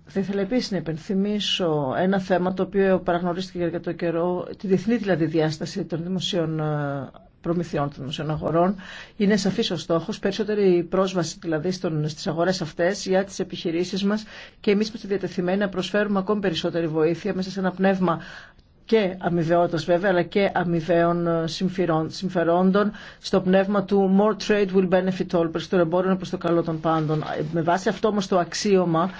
Speaker 2: Θα ήθελα επίση να υπενθυμίσω ένα θέμα το οποίο παραγνωρίστηκε για αρκετό καιρό, τη διεθνή δηλαδή διάσταση των δημοσίων ε, προμηθειών των αγορών. Είναι σαφής ο στόχος, περισσότερη πρόσβαση δηλαδή στον, στις αγορές αυτές για τις επιχειρήσεις μας και εμείς είμαστε διατεθειμένοι να προσφέρουμε ακόμη περισσότερη βοήθεια μέσα σε ένα πνεύμα και αμοιβαιότητα βέβαια, αλλά και αμοιβαίων ε, συμφερόντων στο πνεύμα του «more trade will benefit all», περισσότερο εμπόριο προ το καλό των πάντων. Ε, με βάση αυτό όμω το αξίωμα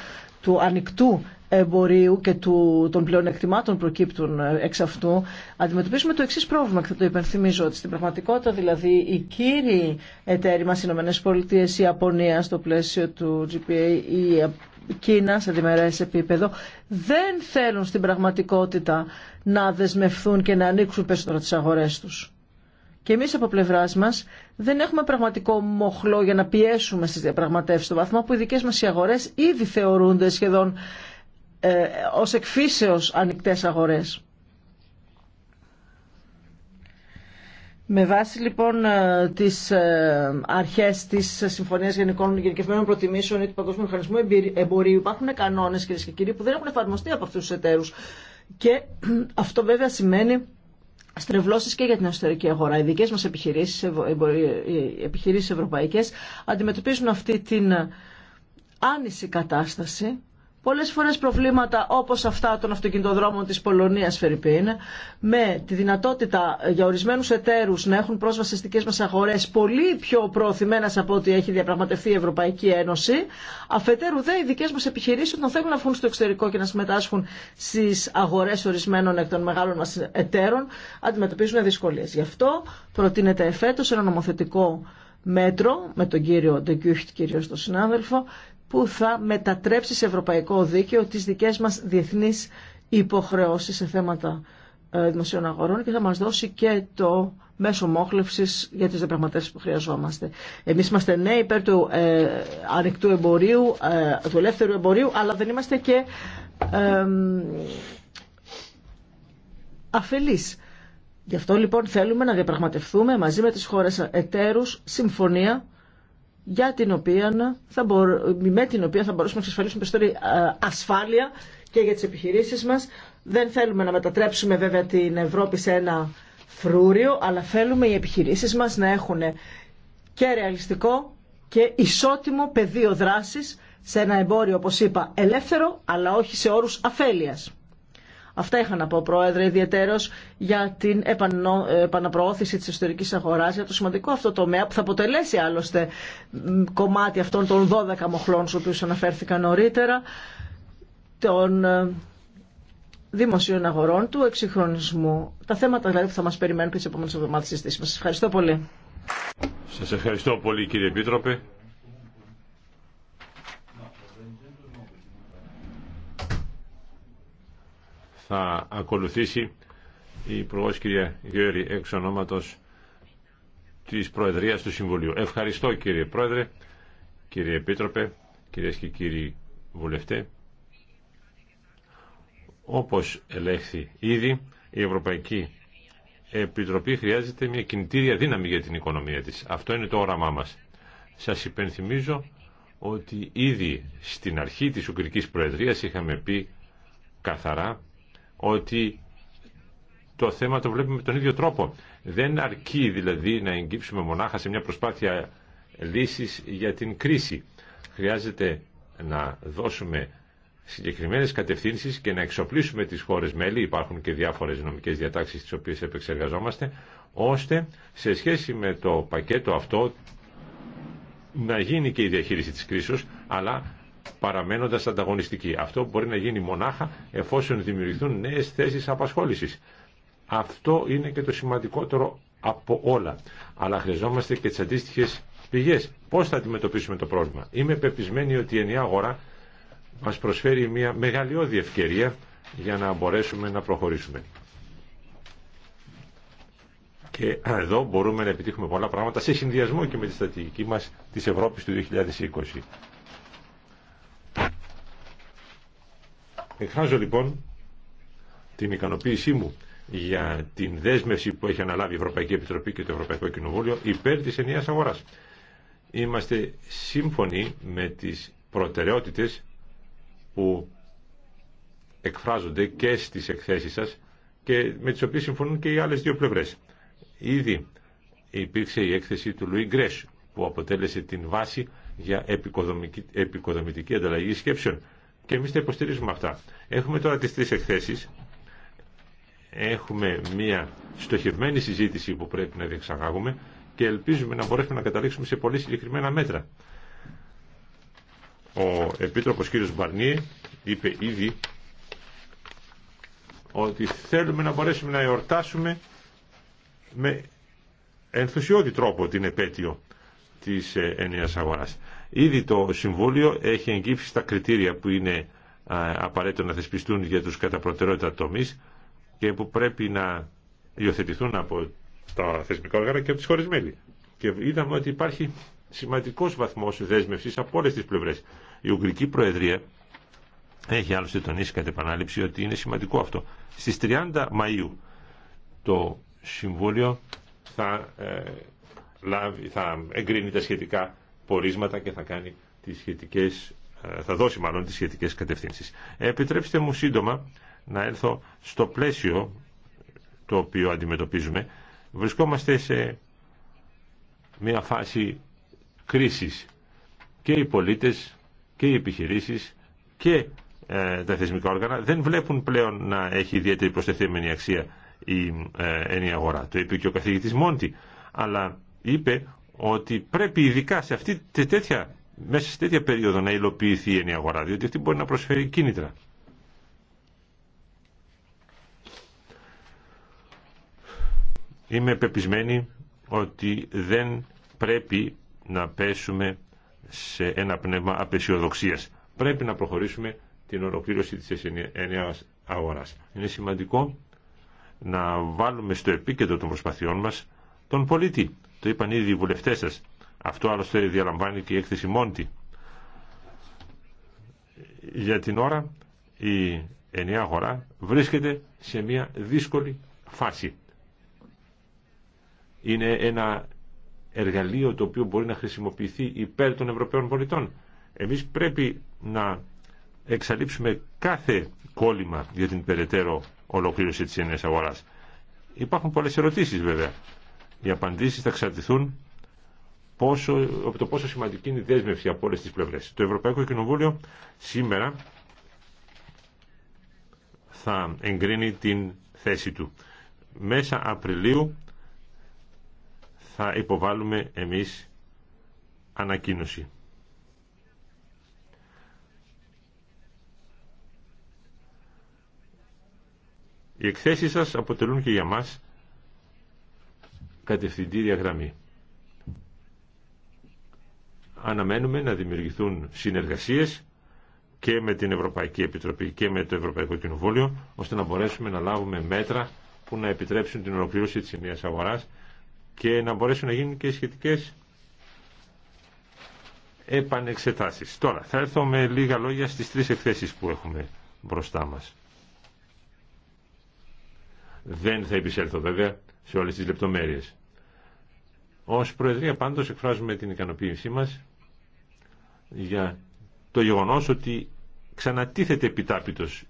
Speaker 2: του ανοιχτού εμπορίου και του, των πλέον εκτιμάτων προκύπτουν ε, εξ αυτού, αντιμετωπίσουμε το εξή πρόβλημα και θα το υπενθυμίζω ότι στην πραγματικότητα δηλαδή οι κύριοι εταίροι μας, οι ΗΠΑ, η Ιαπωνία στο πλαίσιο του GPA, η Κίνα σε διμερές επίπεδο, δεν θέλουν στην πραγματικότητα να δεσμευθούν και να ανοίξουν περισσότερο τις αγορές τους. Και εμεί από πλευρά μα δεν έχουμε πραγματικό μοχλό για να πιέσουμε στι διαπραγματεύσει στο βαθμό που οι δικέ μα οι αγορέ ήδη θεωρούνται σχεδόν ε, ω εκφύσεω ανοιχτέ αγορέ. Με βάση λοιπόν ε, τις ε, αρχές της Συμφωνίας Γενικών Γενικευμένων Προτιμήσεων ή του Παγκόσμιου Μηχανισμού Εμπορίου υπάρχουν κανόνες κυρίες και κύριοι που δεν έχουν εφαρμοστεί από αυτούς τους εταίρους και (clears throat) αυτό βέβαια σημαίνει Στρεβλώσει και για την εσωτερική αγορά. Οι δικές μας επιχειρήσεις, οι επιχειρήσεις ευρωπαϊκές αντιμετωπίζουν αυτή την άνηση κατάσταση πολλές φορές προβλήματα όπως αυτά των αυτοκινητοδρόμων της Πολωνίας Φερρυπίν με τη δυνατότητα για ορισμένους εταίρους να έχουν πρόσβαση στις δικές μας αγορές πολύ πιο προωθημένες από ό,τι έχει διαπραγματευτεί η Ευρωπαϊκή Ένωση αφετέρου δε οι δικές μας επιχειρήσεις όταν θέλουν να βγουν στο εξωτερικό και να συμμετάσχουν στις αγορές ορισμένων εκ των μεγάλων μας εταίρων αντιμετωπίζουν δυσκολίες. Γι' αυτό προτείνεται εφέτος ένα νομοθετικό μέτρο με τον κύριο Ντεκιούχτ, κυρίως τον συνάδελφο, που θα μετατρέψει σε ευρωπαϊκό δίκαιο τις δικές μας διεθνείς υποχρεώσεις σε θέματα ε, δημοσίων αγορών και θα μας δώσει και το μέσο μόχλευσης για τις διαπραγματεύσεις που χρειαζόμαστε. Εμείς είμαστε ναι υπέρ του ε, ανοιχτού εμπορίου, ε, του ελεύθερου εμπορίου, αλλά δεν είμαστε και ε, αφελείς. Γι' αυτό λοιπόν θέλουμε να διαπραγματευτούμε μαζί με τις χώρες εταίρους συμφωνία για την οποία θα με την οποία θα μπορούσαμε να εξασφαλίσουμε περισσότερη ε, ασφάλεια και για τις επιχειρήσεις μας. Δεν θέλουμε να μετατρέψουμε βέβαια την Ευρώπη σε ένα φρούριο, αλλά θέλουμε οι επιχειρήσεις μας να έχουν και ρεαλιστικό και ισότιμο πεδίο δράσης σε ένα εμπόριο, όπως είπα, ελεύθερο, αλλά όχι σε όρους αφέλειας. Αυτά είχα να πω, Πρόεδρε, ιδιαίτερω για την επαναπροώθηση τη εσωτερική αγορά, για το σημαντικό αυτό τομέα που θα αποτελέσει άλλωστε κομμάτι αυτών των 12 μοχλών, στου οποίου αναφέρθηκα νωρίτερα, των ε, δημοσίων αγορών, του εξυγχρονισμού. Τα θέματα δηλαδή που θα μα περιμένουν και τι επόμενε εβδομάδε συζητήσει μα. Ευχαριστώ πολύ.
Speaker 1: Σα ευχαριστώ πολύ, κύριε Επίτροπε. θα ακολουθήσει η Υπουργός κυρία Γιώρη εξ ονόματος της Προεδρίας του Συμβουλίου. Ευχαριστώ κύριε Πρόεδρε, κύριε Επίτροπε, κυρίες και κύριοι βουλευτέ. Όπως ελέγχθη ήδη, η Ευρωπαϊκή Επιτροπή χρειάζεται μια κινητήρια δύναμη για την οικονομία της. Αυτό είναι το όραμά μας. Σας υπενθυμίζω ότι ήδη στην αρχή της Ουγγρικής Προεδρίας είχαμε πει καθαρά ότι το θέμα το βλέπουμε με τον ίδιο τρόπο. Δεν αρκεί δηλαδή να εγκύψουμε μονάχα σε μια προσπάθεια λύσης για την κρίση. Χρειάζεται να δώσουμε συγκεκριμένες κατευθύνσεις και να εξοπλίσουμε τις χώρες μέλη, υπάρχουν και διάφορες νομικές διατάξεις τις οποίες επεξεργαζόμαστε, ώστε σε σχέση με το πακέτο αυτό να γίνει και η διαχείριση της κρίσης, αλλά Παραμένοντα ανταγωνιστικοί. Αυτό μπορεί να γίνει μονάχα εφόσον δημιουργηθούν νέε θέσει απασχόληση. Αυτό είναι και το σημαντικότερο από όλα. Αλλά χρειαζόμαστε και τι αντίστοιχε πηγέ. Πώ θα αντιμετωπίσουμε το πρόβλημα. Είμαι πεπισμένη ότι η ενιαία αγορά μα προσφέρει μια μεγαλειώδη ευκαιρία για να μπορέσουμε να προχωρήσουμε. Και εδώ μπορούμε να επιτύχουμε πολλά πράγματα σε συνδυασμό και με τη στρατηγική μας της Ευρώπης του 2020. Εκφράζω λοιπόν την ικανοποίησή μου για την δέσμευση που έχει αναλάβει η Ευρωπαϊκή Επιτροπή και το Ευρωπαϊκό Κοινοβούλιο υπέρ της ενιαίας αγοράς. Είμαστε σύμφωνοι με τις προτεραιότητες που εκφράζονται και στις εκθέσεις σας και με τις οποίες συμφωνούν και οι άλλες δύο πλευρές. Ήδη υπήρξε η έκθεση του Λουί Γκρέσ που αποτέλεσε την βάση για επικοδομητική ανταλλαγή σκέψεων και εμείς τα υποστηρίζουμε αυτά. Έχουμε τώρα τις τρεις εκθέσεις. Έχουμε μια στοχευμένη συζήτηση που πρέπει να διεξαγάγουμε και ελπίζουμε να μπορέσουμε να καταλήξουμε σε πολύ συγκεκριμένα μέτρα. Ο Επίτροπος κ. Μπαρνίε είπε ήδη ότι θέλουμε να μπορέσουμε να εορτάσουμε με ενθουσιώδη τρόπο την επέτειο της ε, ενιαίας αγοράς. Ήδη το Συμβούλιο έχει εγκύψει τα κριτήρια που είναι απαραίτητο να θεσπιστούν για τους κατά προτεραιότητα τομείς και που πρέπει να υιοθετηθούν από τα θεσμικά όργανα και από τις χώρες μέλη. Και είδαμε ότι υπάρχει σημαντικός βαθμός δέσμευσης από όλες τις πλευρές. Η Ουγγρική Προεδρία έχει άλλωστε τονίσει κατά επανάληψη ότι είναι σημαντικό αυτό. Στις 30 Μαΐου το Συμβούλιο θα ε, θα εγκρίνει τα σχετικά πορίσματα και θα κάνει τις σχετικές ε, θα δώσει μάλλον τις σχετικές κατευθύνσεις. Επιτρέψτε μου σύντομα να έρθω στο πλαίσιο το οποίο αντιμετωπίζουμε. Βρισκόμαστε σε μια φάση κρίσης και οι πολίτες και οι επιχειρήσεις και ε, τα θεσμικά όργανα δεν βλέπουν πλέον να έχει ιδιαίτερη προστεθέμενη αξία η ε, αγορά. Το είπε και ο καθηγητής Μόντι. Αλλά είπε ότι πρέπει ειδικά σε αυτή, τέτοια, μέσα σε τέτοια περίοδο να υλοποιηθεί η ενιαία αγορά, διότι αυτή μπορεί να προσφέρει κίνητρα. Είμαι πεπισμένη ότι δεν πρέπει να πέσουμε σε ένα πνεύμα απεσιοδοξίας. Πρέπει να προχωρήσουμε την ολοκλήρωση της ενιαίας αγοράς. Είναι σημαντικό να βάλουμε στο επίκεντρο των προσπαθειών μας τον πολίτη. Το είπαν ήδη οι βουλευτές σας. Αυτό άλλωστε διαλαμβάνει και η έκθεση Μόντι. Για την ώρα η ενιαία αγορά βρίσκεται σε μια δύσκολη φάση. Είναι ένα εργαλείο το οποίο μπορεί να χρησιμοποιηθεί υπέρ των Ευρωπαίων πολιτών. Εμείς πρέπει να εξαλείψουμε κάθε κόλλημα για την περαιτέρω ολοκλήρωση της ενιαίας αγοράς. Υπάρχουν πολλές ερωτήσεις βέβαια. Οι απαντήσει θα εξαρτηθούν πόσο, από το πόσο σημαντική είναι η δέσμευση από όλε τις πλευρέ. Το Ευρωπαϊκό Κοινοβούλιο σήμερα θα εγκρίνει την θέση του. Μέσα Απριλίου θα υποβάλουμε εμείς ανακοίνωση. Οι εκθέσεις σας αποτελούν και για μας κατευθυντήρια γραμμή. Αναμένουμε να δημιουργηθούν συνεργασίες και με την Ευρωπαϊκή Επιτροπή και με το Ευρωπαϊκό Κοινοβούλιο, ώστε να μπορέσουμε να λάβουμε μέτρα που να επιτρέψουν την ολοκλήρωση της ενίας αγοράς και να μπορέσουν να γίνουν και σχετικές επανεξετάσεις. Τώρα, θα έρθω με λίγα λόγια στις τρεις εκθέσεις που έχουμε μπροστά μας. Δεν θα επισέλθω βέβαια σε όλες τις λεπτομέρειες. Ως Προεδρία πάντως εκφράζουμε την ικανοποίησή μας για το γεγονός ότι ξανατίθεται επιτάπητος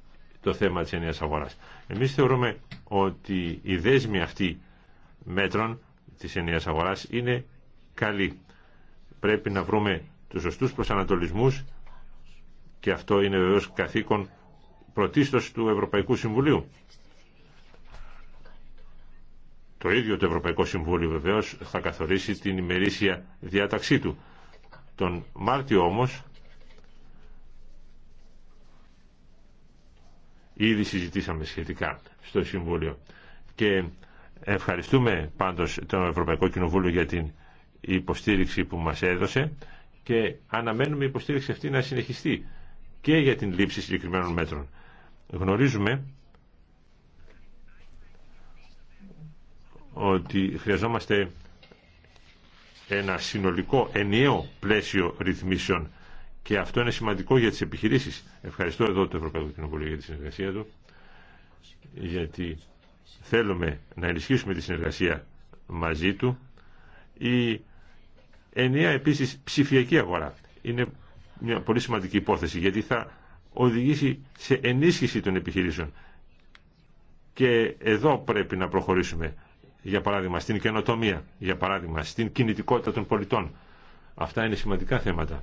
Speaker 1: το θέμα της ενιαίας αγοράς. Εμείς θεωρούμε ότι η δέσμη αυτή μέτρων της ενιαίας αγοράς είναι καλή. Πρέπει να βρούμε τους σωστούς προσανατολισμούς και αυτό είναι βεβαίως καθήκον πρωτίστως του Ευρωπαϊκού Συμβουλίου. Το ίδιο το Ευρωπαϊκό Συμβούλιο βεβαίως θα καθορίσει την ημερήσια διάταξή του. Τον Μάρτιο όμως ήδη συζητήσαμε σχετικά στο Συμβούλιο και ευχαριστούμε πάντως το Ευρωπαϊκό Κοινοβούλιο για την υποστήριξη που μας έδωσε και αναμένουμε η υποστήριξη αυτή να συνεχιστεί και για την λήψη συγκεκριμένων μέτρων. Γνωρίζουμε ότι χρειαζόμαστε ένα συνολικό ενιαίο πλαίσιο ρυθμίσεων και αυτό είναι σημαντικό για τις επιχειρήσεις. Ευχαριστώ εδώ το Ευρωπαϊκό Κοινοβούλιο για τη συνεργασία του γιατί θέλουμε να ενισχύσουμε τη συνεργασία μαζί του. Η ενιαία επίσης ψηφιακή αγορά είναι μια πολύ σημαντική υπόθεση γιατί θα οδηγήσει σε ενίσχυση των επιχειρήσεων και εδώ πρέπει να προχωρήσουμε για παράδειγμα, στην καινοτομία, για παράδειγμα, στην κινητικότητα των πολιτών. Αυτά είναι σημαντικά θέματα.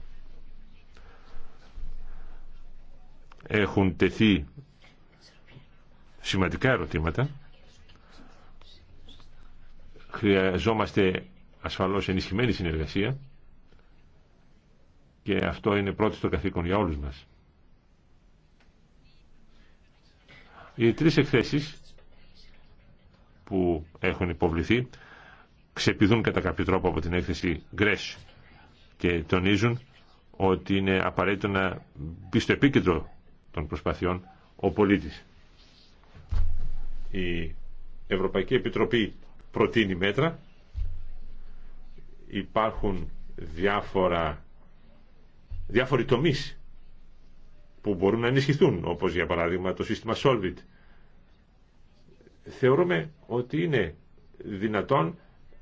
Speaker 1: Έχουν τεθεί σημαντικά ερωτήματα. Χρειαζόμαστε ασφαλώς ενισχυμένη συνεργασία και αυτό είναι πρώτο στο καθήκον για όλους μας. Οι τρεις εκθέσεις που έχουν υποβληθεί ξεπηδούν κατά κάποιο τρόπο από την έκθεση Γκρέσ και τονίζουν ότι είναι απαραίτητο να μπει στο επίκεντρο των προσπαθειών ο πολίτης. Η Ευρωπαϊκή Επιτροπή προτείνει μέτρα. Υπάρχουν διάφορα, διάφοροι τομείς που μπορούν να ενισχυθούν, όπως για παράδειγμα το σύστημα Solvit, θεωρούμε ότι είναι δυνατόν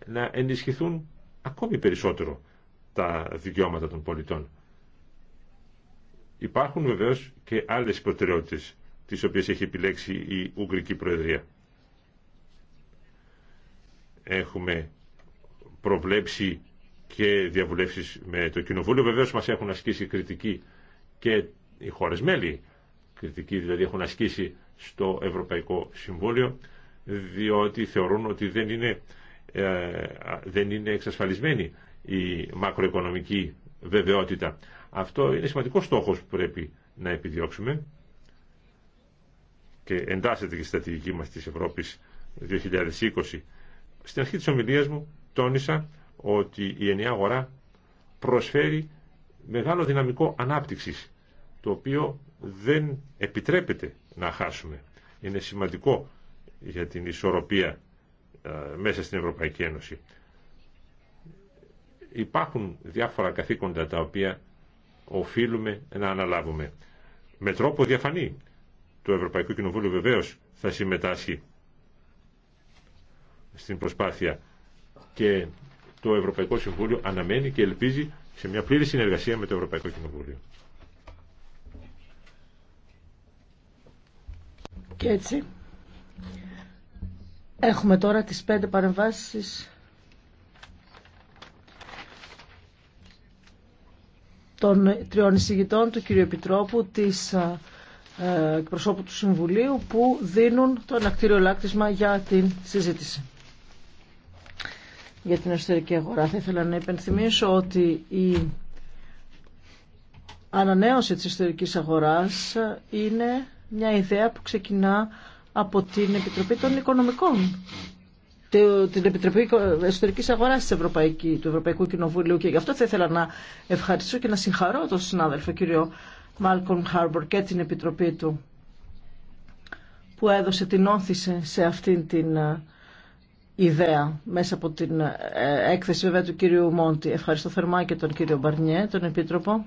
Speaker 1: να ενισχυθούν ακόμη περισσότερο τα δικαιώματα των πολιτών. Υπάρχουν βεβαίως και άλλες προτεραιότητες τις οποίες έχει επιλέξει η Ουγγρική Προεδρία. Έχουμε προβλέψει και διαβουλεύσεις με το Κοινοβούλιο. Βεβαίως μας έχουν ασκήσει κριτική και οι χώρες μέλη. Κριτική δηλαδή έχουν ασκήσει στο Ευρωπαϊκό Συμβούλιο διότι θεωρούν ότι δεν είναι, ε, δεν είναι εξασφαλισμένη η μακροοικονομική βεβαιότητα. Αυτό είναι σημαντικός στόχος που πρέπει να επιδιώξουμε και εντάσσεται και η στρατηγική μας της Ευρώπης 2020. Στην αρχή της ομιλίας μου τόνισα ότι η ενιαία αγορά προσφέρει μεγάλο δυναμικό ανάπτυξης, το οποίο δεν επιτρέπεται να χάσουμε. Είναι σημαντικό για την ισορροπία ε, μέσα στην Ευρωπαϊκή Ένωση. Υπάρχουν διάφορα καθήκοντα τα οποία οφείλουμε να αναλάβουμε. Με τρόπο διαφανή. Το Ευρωπαϊκό Κοινοβούλιο βεβαίως θα συμμετάσχει στην προσπάθεια και το Ευρωπαϊκό Συμβούλιο αναμένει και ελπίζει σε μια πλήρη συνεργασία με το Ευρωπαϊκό Κοινοβούλιο.
Speaker 2: έτσι Έχουμε τώρα τις πέντε παρεμβάσεις των τριών εισηγητών, του κύριου Επιτρόπου, της ε, εκπροσώπου του Συμβουλίου που δίνουν το ανακτήριο λάκτισμα για την συζήτηση. Για την εσωτερική αγορά θα ήθελα να υπενθυμίσω ότι η ανανέωση της εσωτερικής αγοράς είναι μια ιδέα που ξεκινά από την Επιτροπή των Οικονομικών την Επιτροπή Εσωτερική Αγορά του Ευρωπαϊκού Κοινοβουλίου και γι' αυτό θα ήθελα να ευχαριστήσω και να συγχαρώ τον συνάδελφο κύριο Μάλκον Χάρμπορ και την Επιτροπή του που έδωσε την όθηση σε αυτήν την ε, ιδέα μέσα από την ε, έκθεση βέβαια του κύριου Μόντι. Ευχαριστώ θερμά και τον κύριο Μπαρνιέ, τον Επίτροπο,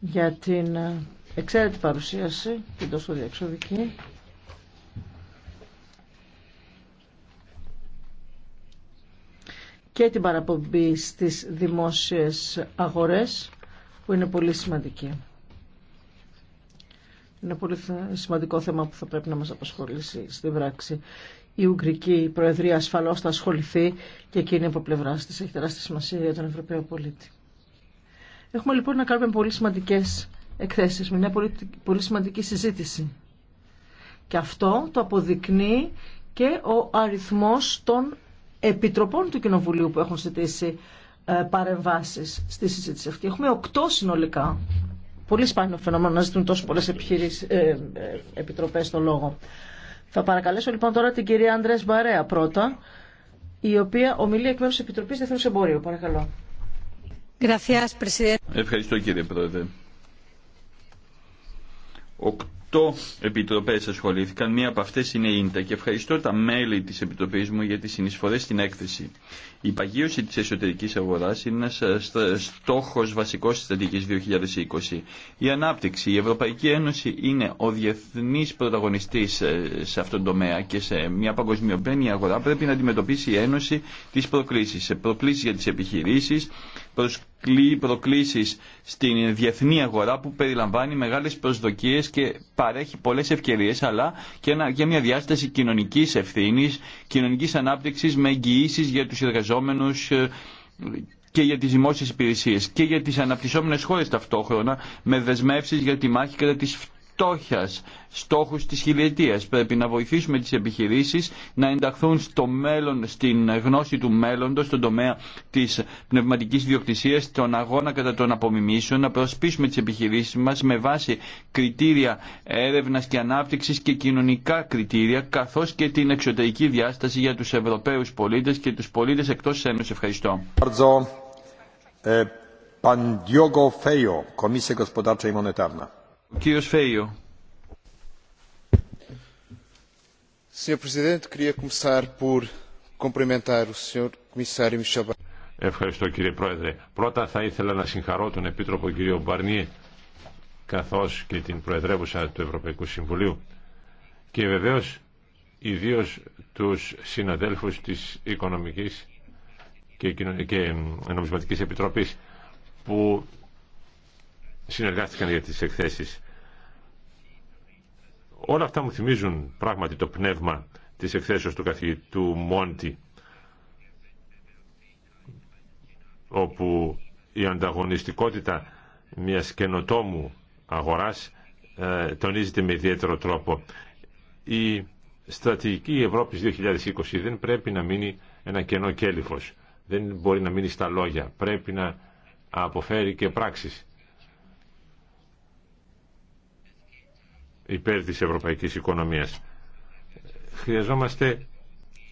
Speaker 2: για την ε, Εξαίρετη παρουσίαση και τόσο διεξοδική. και την παραπομπή στις δημόσιες αγορές που είναι πολύ σημαντική. Είναι πολύ σημαντικό θέμα που θα πρέπει να μας απασχολήσει στη πράξη. Η Ουγγρική Προεδρία ασφαλώς θα ασχοληθεί και εκείνη από πλευρά της έχει τεράστια σημασία για τον Ευρωπαίο πολίτη. Έχουμε λοιπόν να κάνουμε πολύ σημαντικές εκθέσεις. Μια πολύ, σημαντική συζήτηση. Και αυτό το αποδεικνύει και ο αριθμός των επιτροπών του Κοινοβουλίου που έχουν ζητήσει ε, παρεμβάσεις στη συζήτηση αυτή. Έχουμε οκτώ συνολικά. Πολύ σπάνιο φαινόμενο να ζητούν τόσο πολλές ε, ε, επιτροπές στο λόγο. Θα παρακαλέσω λοιπόν τώρα την κυρία Αντρές Μπαρέα πρώτα, η οποία ομιλεί εκ μέρους της Επιτροπής Διεθνούς Εμπορίου. Παρακαλώ.
Speaker 3: Ευχαριστώ κύριε Πρόεδρε. Οκτώ επιτροπέ ασχολήθηκαν, μία από αυτέ είναι η ΙΝΤΑ και ευχαριστώ τα μέλη τη επιτροπή μου για τι συνεισφορέ στην έκθεση. Η παγίωση τη εσωτερική αγορά είναι ένα ε, στόχο βασικό τη Στρατηγική 2020. Η ανάπτυξη, η Ευρωπαϊκή Ένωση είναι ο διεθνή πρωταγωνιστή ε, σε αυτόν τον τομέα και σε μια παγκοσμιοποιημένη αγορά πρέπει να αντιμετωπίσει η Ένωση τι προκλήσει Σε προκλήσει για τι επιχειρήσει προκλήσεις στην διεθνή αγορά που περιλαμβάνει μεγάλες προσδοκίες και παρέχει πολλές ευκαιρίες αλλά και, ένα, μια διάσταση κοινωνικής ευθύνης, κοινωνικής ανάπτυξης με εγγυήσει για τους εργαζόμενους ε, και για τις δημόσιες υπηρεσίες και για τις αναπτυσσόμενες χώρες ταυτόχρονα με δεσμεύσεις για τη μάχη κατά της φτώχεια, στόχους της χιλιετίας. Πρέπει να βοηθήσουμε τι επιχειρήσει να ενταχθούν στο μέλλον, στην γνώση του μέλλοντο, στον τομέα τη πνευματική ιδιοκτησία, στον αγώνα κατά των απομιμήσεων, να προσπίσουμε τι επιχειρήσει μα με βάση κριτήρια έρευνα και ανάπτυξη και κοινωνικά κριτήρια, καθώ και την εξωτερική διάσταση για του Ευρωπαίου πολίτε και του πολίτε εκτό Ένωση. Ευχαριστώ.
Speaker 1: Ε, Pan Diogo
Speaker 3: Feio, Komisja Gospodarcza i Κύριο κύριος Φέιο.
Speaker 1: Ευχαριστώ κύριε Πρόεδρε. Πρώτα θα ήθελα να συγχαρώ τον Επίτροπο κύριο Μπαρνιέ καθώς και την Προεδρεύουσα του Ευρωπαϊκού Συμβουλίου και βεβαίως ιδίως τους συναδέλφους της Οικονομικής και Νομισματικής Επιτροπής που συνεργάστηκαν για τις εκθέσεις. Όλα αυτά μου θυμίζουν πράγματι το πνεύμα της εκθέσεως του καθηγητού Μόντι όπου η ανταγωνιστικότητα μιας καινοτόμου αγοράς ε, τονίζεται με ιδιαίτερο τρόπο. Η στρατηγική Ευρώπης 2020 δεν πρέπει να μείνει ένα κενό κέλυφος. Δεν μπορεί να μείνει στα λόγια. Πρέπει να αποφέρει και πράξεις. υπέρ της ευρωπαϊκής οικονομίας. Χρειαζόμαστε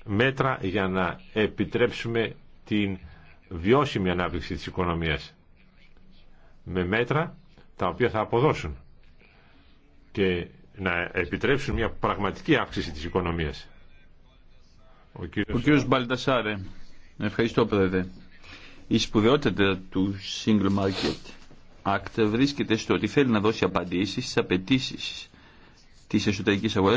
Speaker 1: μέτρα για να επιτρέψουμε την βιώσιμη ανάπτυξη της οικονομίας με μέτρα τα οποία θα αποδώσουν και να επιτρέψουν μια πραγματική αύξηση της οικονομίας. Ο κύριος, Ο κύριος Μπαλτασάρε,
Speaker 3: ευχαριστώ πρόεδρε. Η σπουδαιότητα του Single Market Act βρίσκεται στο ότι θέλει να δώσει απαντήσεις στις απαιτήσει τη εσωτερική αγορά,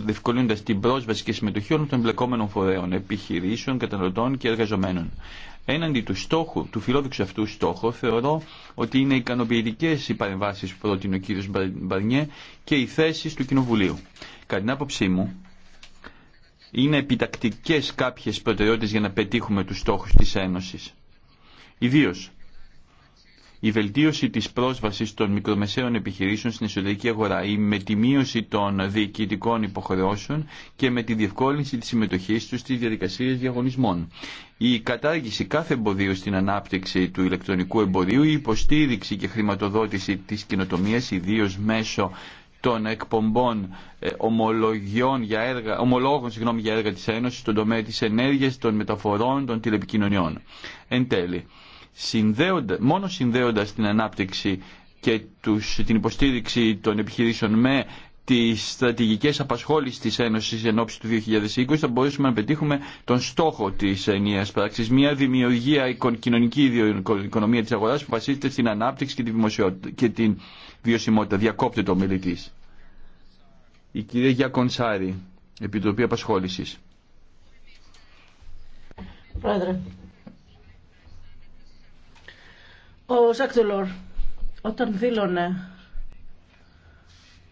Speaker 3: διευκολύνοντα την πρόσβαση και συμμετοχή όλων των εμπλεκόμενων φορέων, επιχειρήσεων, καταναλωτών και εργαζομένων. Έναντι του στόχου, του φιλόδοξου αυτού στόχου, θεωρώ ότι είναι ικανοποιητικέ οι παρεμβάσει που πρότεινε ο κ. Μπαρνιέ και οι θέσει του Κοινοβουλίου. Κατά την άποψή μου, είναι επιτακτικέ κάποιε προτεραιότητε για να πετύχουμε του στόχου τη Ένωση. Ιδίω η βελτίωση τη πρόσβαση των μικρομεσαίων επιχειρήσεων στην εσωτερική αγορά ή με τη μείωση των διοικητικών υποχρεώσεων και με τη διευκόλυνση τη συμμετοχή του, στις διαδικασίες διαγωνισμών. Η κατάργηση κάθε εμποδίου στην ανάπτυξη του ηλεκτρονικού εμπορίου, η υποστήριξη και χρηματοδότηση τη κοινοτομία, ιδίω μέσω των εκπομπών ε, ομολογιών για έργα, ομολόγων συγγνώμη, για έργα της Ένωσης στον τομέα της ενέργειας, των μεταφορών, των τηλεπικοινωνιών. Εν μόνο συνδέοντας την ανάπτυξη και τους, την υποστήριξη των επιχειρήσεων με τις στρατηγικές απασχόλησης της Ένωσης εν ώψη του 2020 θα μπορούσαμε να πετύχουμε τον στόχο της ενιαίας πράξης. Μια δημιουργία κοινωνική οικονομία της αγοράς που βασίζεται στην ανάπτυξη και την, και την βιωσιμότητα. Διακόπτεται ο μιλητής. Η κυρία Γιακονσάρη, Επιτροπή Απασχόλησης.
Speaker 2: Πρόεδρε, ο Ζακ όταν δήλωνε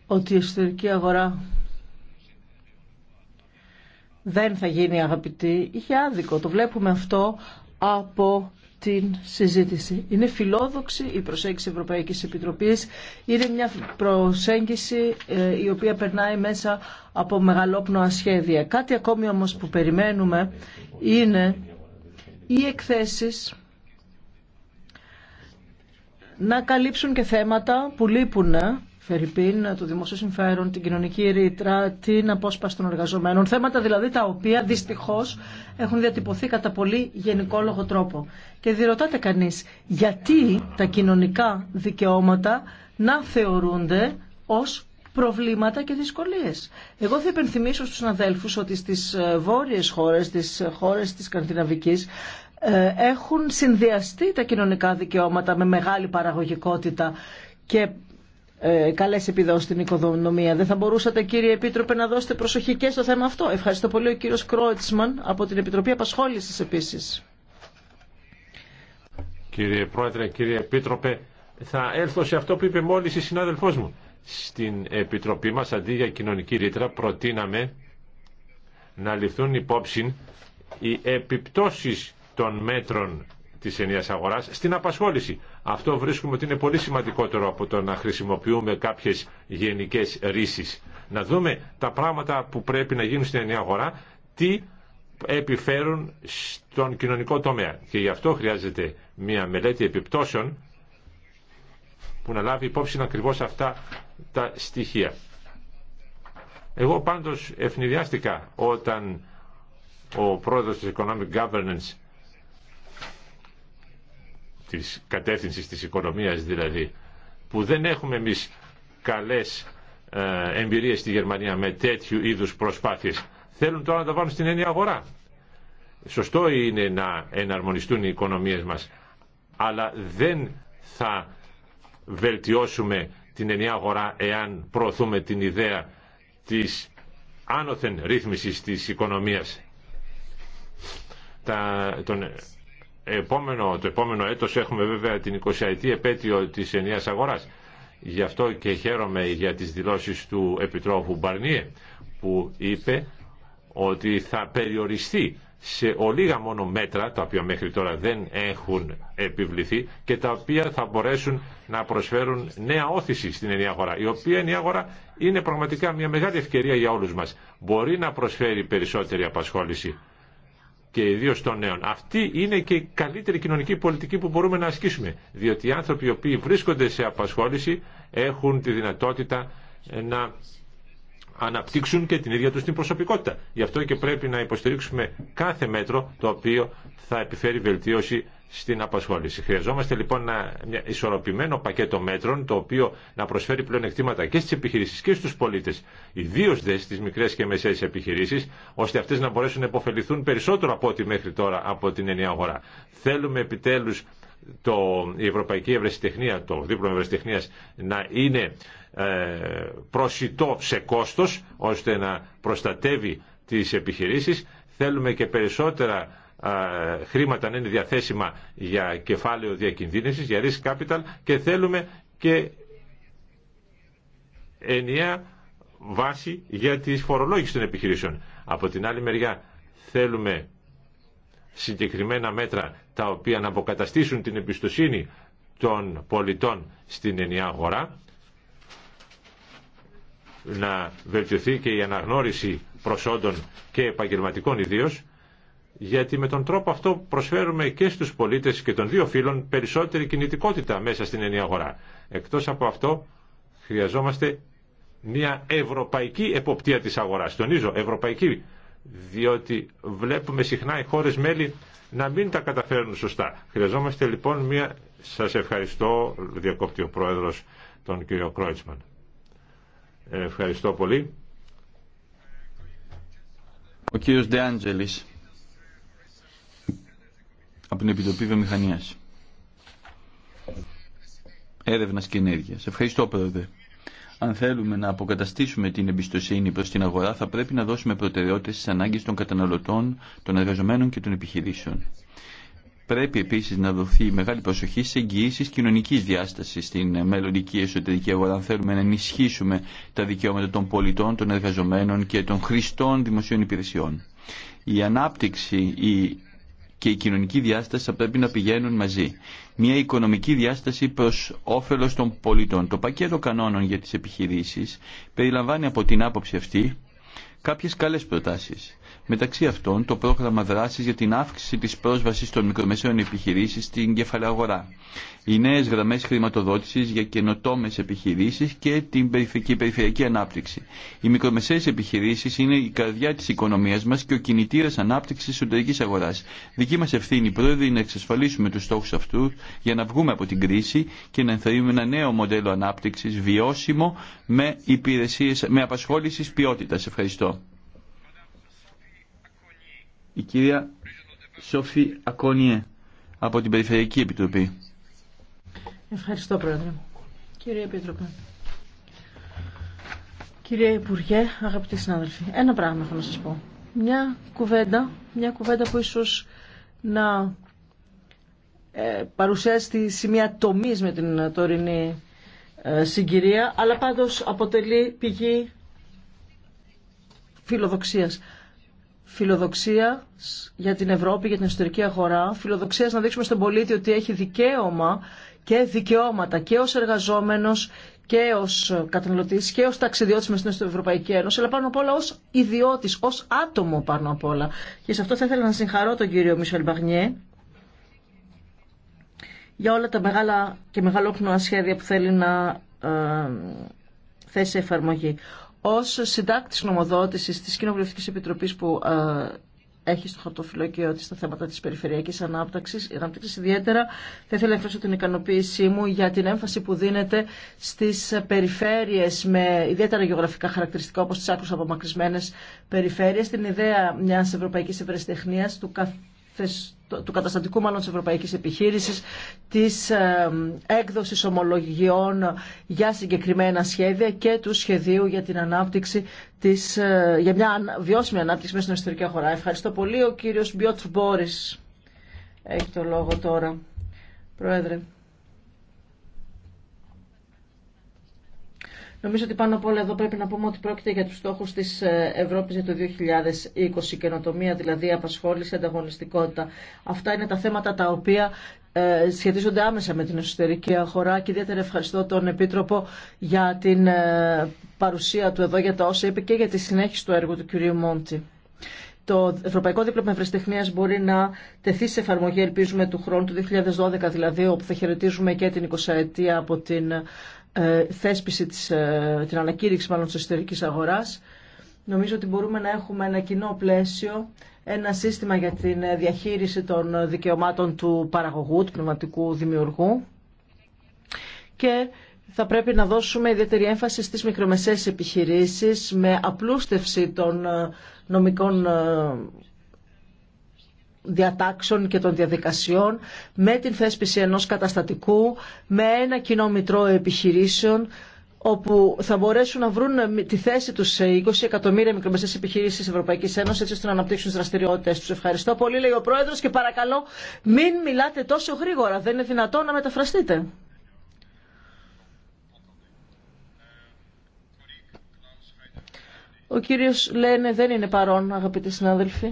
Speaker 2: ότι η εσωτερική αγορά δεν θα γίνει αγαπητή, είχε άδικο. Το βλέπουμε αυτό από την συζήτηση. Είναι φιλόδοξη η προσέγγιση Ευρωπαϊκής Επιτροπής. Είναι μια προσέγγιση ε, η οποία περνάει μέσα από μεγαλόπνοα σχέδια. Κάτι ακόμη όμως που περιμένουμε είναι οι εκθέσεις να καλύψουν και θέματα που λείπουν ε, Φερρυπίν, το δημόσιο συμφέρον, την κοινωνική ρήτρα, την απόσπαση των εργαζομένων. Θέματα δηλαδή τα οποία δυστυχώ έχουν διατυπωθεί κατά πολύ γενικόλογο τρόπο. Και διρωτάται κανεί γιατί τα κοινωνικά δικαιώματα να θεωρούνται ω προβλήματα και δυσκολίες. Εγώ θα υπενθυμίσω στου αδέλφου ότι στι βόρειε χώρε, στις ε, χώρε ε, τη Σκανδιναβική, ε, έχουν συνδυαστεί τα κοινωνικά δικαιώματα με μεγάλη παραγωγικότητα και ε, καλές επιδόσεις στην οικοδομία. Δεν θα μπορούσατε κύριε Επίτροπε να δώσετε προσοχή και στο θέμα αυτό. Ευχαριστώ πολύ ο κύριος Κρόιτσμαν από την Επιτροπή Απασχόληση επίση.
Speaker 1: Κύριε Πρόεδρε, κύριε Επίτροπε, θα έλθω σε αυτό που είπε μόλι η συνάδελφο μου. Στην Επιτροπή μα, αντί για κοινωνική ρήτρα, προτείναμε να ληφθούν υπόψη οι επιπτώσεις των μέτρων της ενιαία αγορά στην απασχόληση. Αυτό βρίσκουμε ότι είναι πολύ σημαντικότερο από το να χρησιμοποιούμε κάποιες γενικές ρήσει. Να δούμε τα πράγματα που πρέπει να γίνουν στην ενιαία αγορά, τι επιφέρουν στον κοινωνικό τομέα. Και γι' αυτό χρειάζεται μια μελέτη επιπτώσεων που να λάβει υπόψη ακριβώ αυτά τα στοιχεία. Εγώ πάντως ευνηδιάστηκα όταν ο πρόεδρος της Economic Governance της κατεύθυνσης της οικονομίας δηλαδή, που δεν έχουμε εμείς καλές ε, εμπειρίες στη Γερμανία με τέτοιου είδους προσπάθειες. Θέλουν τώρα να τα βάλουν στην έννοια αγορά. Σωστό είναι να εναρμονιστούν οι οικονομίες μας, αλλά δεν θα βελτιώσουμε την ενιαία αγορά εάν προωθούμε την ιδέα της άνωθεν ρύθμισης της οικονομίας. Τα, επόμενο, το επόμενο έτος έχουμε βέβαια την 20η επέτειο της ενιαίας αγοράς. Γι' αυτό και χαίρομαι για τις δηλώσεις του Επιτρόφου Μπαρνίε που είπε ότι θα περιοριστεί σε ολίγα μόνο μέτρα τα οποία μέχρι τώρα δεν έχουν επιβληθεί και τα οποία θα μπορέσουν να προσφέρουν νέα όθηση στην ενιαία αγορά η οποία ενιαία αγορά είναι πραγματικά μια μεγάλη ευκαιρία για όλους μας μπορεί να προσφέρει περισσότερη απασχόληση και ιδίω των νέων. Αυτή είναι και η καλύτερη κοινωνική πολιτική που μπορούμε να ασκήσουμε. Διότι οι άνθρωποι οι οποίοι βρίσκονται σε απασχόληση έχουν τη δυνατότητα να αναπτύξουν και την ίδια τους την προσωπικότητα. Γι' αυτό και πρέπει να υποστηρίξουμε κάθε μέτρο το οποίο θα επιφέρει βελτίωση στην απασχόληση. Χρειαζόμαστε λοιπόν ένα ισορροπημένο πακέτο μέτρων το οποίο να προσφέρει πλεονεκτήματα και στις επιχειρήσεις και στους πολίτες, ιδίω δε στις μικρές και μεσαίες επιχειρήσεις, ώστε αυτές να μπορέσουν να υποφεληθούν περισσότερο από ό,τι μέχρι τώρα από την ενιαία αγορά. Θέλουμε επιτέλους το, η Ευρωπαϊκή Ευρεσιτεχνία, το δίπλωμα Ευρεσιτεχνίας να είναι ε, προσιτό σε κόστος, ώστε να προστατεύει τις επιχειρήσεις. Θέλουμε και περισσότερα χρήματα να είναι διαθέσιμα για κεφάλαιο διακινδύνευσης, για risk capital και θέλουμε και ενιαία βάση για τη φορολόγηση των επιχειρήσεων. Από την άλλη μεριά θέλουμε συγκεκριμένα μέτρα τα οποία να αποκαταστήσουν την εμπιστοσύνη των πολιτών στην ενιαία αγορά, να βελτιωθεί και η αναγνώριση προσόντων και επαγγελματικών ιδίως, γιατί με τον τρόπο αυτό προσφέρουμε και στους πολίτες και των δύο φίλων περισσότερη κινητικότητα μέσα στην ενιαία αγορά. Εκτός από αυτό χρειαζόμαστε μια ευρωπαϊκή εποπτεία της αγοράς. Τονίζω, ευρωπαϊκή, διότι βλέπουμε συχνά οι χώρες μέλη να μην τα καταφέρνουν σωστά. Χρειαζόμαστε λοιπόν μια... Σας ευχαριστώ, διακόπτει ο Πρόεδρος, τον κύριο Κρόιτσμαν. Ευχαριστώ πολύ. Ο κύριος Ντεάντζελης
Speaker 3: από την Επιτροπή βιομηχανία. Έρευνα και ενέργεια. Ευχαριστώ πρόεδρε. Αν θέλουμε να αποκαταστήσουμε την εμπιστοσύνη προ την αγορά θα πρέπει να δώσουμε προτεραιότητε στι ανάγκε των καταναλωτών, των εργαζομένων και των επιχειρήσεων. Πρέπει επίση να δοθεί μεγάλη προσοχή σε εγγυήσει κοινωνική διάσταση στην μελλοντική εσωτερική αγορά. Αν θέλουμε να ενισχύσουμε τα δικαιώματα των πολιτών, των εργαζομένων και των χρηστών δημοσίων υπηρεσιών. Η ανάπτυξη, η και η κοινωνική διάσταση θα πρέπει να πηγαίνουν μαζί. Μια οικονομική διάσταση προ όφελο των πολιτών. Το πακέτο κανόνων για τις επιχειρήσει περιλαμβάνει από την άποψη αυτή κάποιε καλές προτάσεις. Μεταξύ αυτών, το πρόγραμμα δράση για την αύξηση τη πρόσβαση των μικρομεσαίων επιχειρήσεων στην κεφαλαία αγορά. Οι νέε γραμμέ χρηματοδότηση για καινοτόμε επιχειρήσει και την περιφερειακή ανάπτυξη. Οι μικρομεσαίε επιχειρήσει είναι η καρδιά τη οικονομία μα και ο κινητήρα ανάπτυξη εσωτερική αγορά. Δική μα ευθύνη, πρόεδρε, είναι να εξασφαλίσουμε του στόχου αυτού για να βγούμε από την κρίση και να ενθαρρύνουμε ένα νέο μοντέλο ανάπτυξη βιώσιμο με, με απασχόληση ποιότητα. Ευχαριστώ η κυρία Σόφη Ακόνιε από την Περιφερειακή Επιτροπή.
Speaker 2: Ευχαριστώ Πρόεδρε. Κύριε Επίτροπε. Κύριε Υπουργέ, αγαπητοί συνάδελφοι, ένα πράγμα θα να σας πω. Μια κουβέντα, μια κουβέντα που ίσως να ε, παρουσιάζει σημεία τομής με την τωρινή ε, συγκυρία, αλλά πάντως αποτελεί πηγή φιλοδοξίας φιλοδοξία για την Ευρώπη, για την εσωτερική αγορά, φιλοδοξία να δείξουμε στον πολίτη ότι έχει δικαίωμα και δικαιώματα και ως εργαζόμενος και ως καταναλωτής και ως ταξιδιώτης μες στην Ευρωπαϊκή Ένωση, αλλά πάνω απ' όλα ως ιδιώτης, ως άτομο πάνω απ' όλα. Και σε αυτό θα ήθελα να συγχαρώ τον κύριο Μισελ Μπαγνιέ για όλα τα μεγάλα και μεγαλόπνοα σχέδια που θέλει να ε, θέσει εφαρμογή ως συντάκτης νομοδότησης της Κοινοβουλευτικής Επιτροπής που ε, έχει στο και ό,τι στα θέματα τη περιφερειακή ανάπτυξη. Ιδιαίτερα θα ήθελα να εκφράσω την ικανοποίησή μου για την έμφαση που δίνεται στι περιφέρειες με ιδιαίτερα γεωγραφικά χαρακτηριστικά, όπω τι άκρω απομακρυσμένε περιφέρειε, την ιδέα μια ευρωπαϊκή ευρεσιτεχνία, του του καταστατικού μάλλον της Ευρωπαϊκής Επιχείρησης, της ε, έκδοσης ομολογιών για συγκεκριμένα σχέδια και του σχεδίου για την ανάπτυξη της, ε, για μια βιώσιμη ανάπτυξη μέσα στην εσωτερική αγορά. Ευχαριστώ πολύ. Ο κύριος Μπιότρ Μπόρης έχει το λόγο τώρα. Πρόεδρε. Νομίζω ότι πάνω απ' όλα εδώ πρέπει να πούμε ότι πρόκειται για τους στόχους της ε, Ευρώπης για το 2020, καινοτομία δηλαδή, απασχόληση, ανταγωνιστικότητα. Αυτά είναι τα θέματα τα οποία ε, σχετίζονται άμεσα με την εσωτερική αγορά και ιδιαίτερα ευχαριστώ τον Επίτροπο για την ε, παρουσία του εδώ για τα όσα είπε και για τη συνέχιση του έργου του κυρίου Μόντι. Το Ευρωπαϊκό Δίπλωμα Ευρεσιτεχνία μπορεί να τεθεί σε εφαρμογή, ελπίζουμε, του χρόνου του 2012, δηλαδή, όπου θα χαιρετίζουμε και την 20 από την ε, θέσπιση της, ε, την ανακήρυξη μάλλον της εσωτερικής αγοράς, νομίζω ότι μπορούμε να έχουμε ένα κοινό πλαίσιο, ένα σύστημα για την ε, διαχείριση των δικαιωμάτων του παραγωγού, του πνευματικού δημιουργού και θα πρέπει να δώσουμε ιδιαίτερη έμφαση στις μικρομεσαίες επιχειρήσεις με απλούστευση των νομικών διατάξεων και των διαδικασιών, με την θέσπιση ενός καταστατικού, με ένα κοινό μητρό επιχειρήσεων, όπου θα μπορέσουν να βρουν ε, τη θέση τους σε 20 εκατομμύρια μικρομεσαίες επιχειρήσεις της Ευρωπαϊκής Ένωσης έτσι ώστε να αναπτύξουν τις δραστηριότητες τους. Ευχαριστώ πολύ, λέει ο Πρόεδρος και παρακαλώ μην μιλάτε τόσο γρήγορα. Δεν είναι δυνατόν να μεταφραστείτε. Ο κύριος Λένε δεν είναι παρόν, αγαπητοί συνάδελφοι.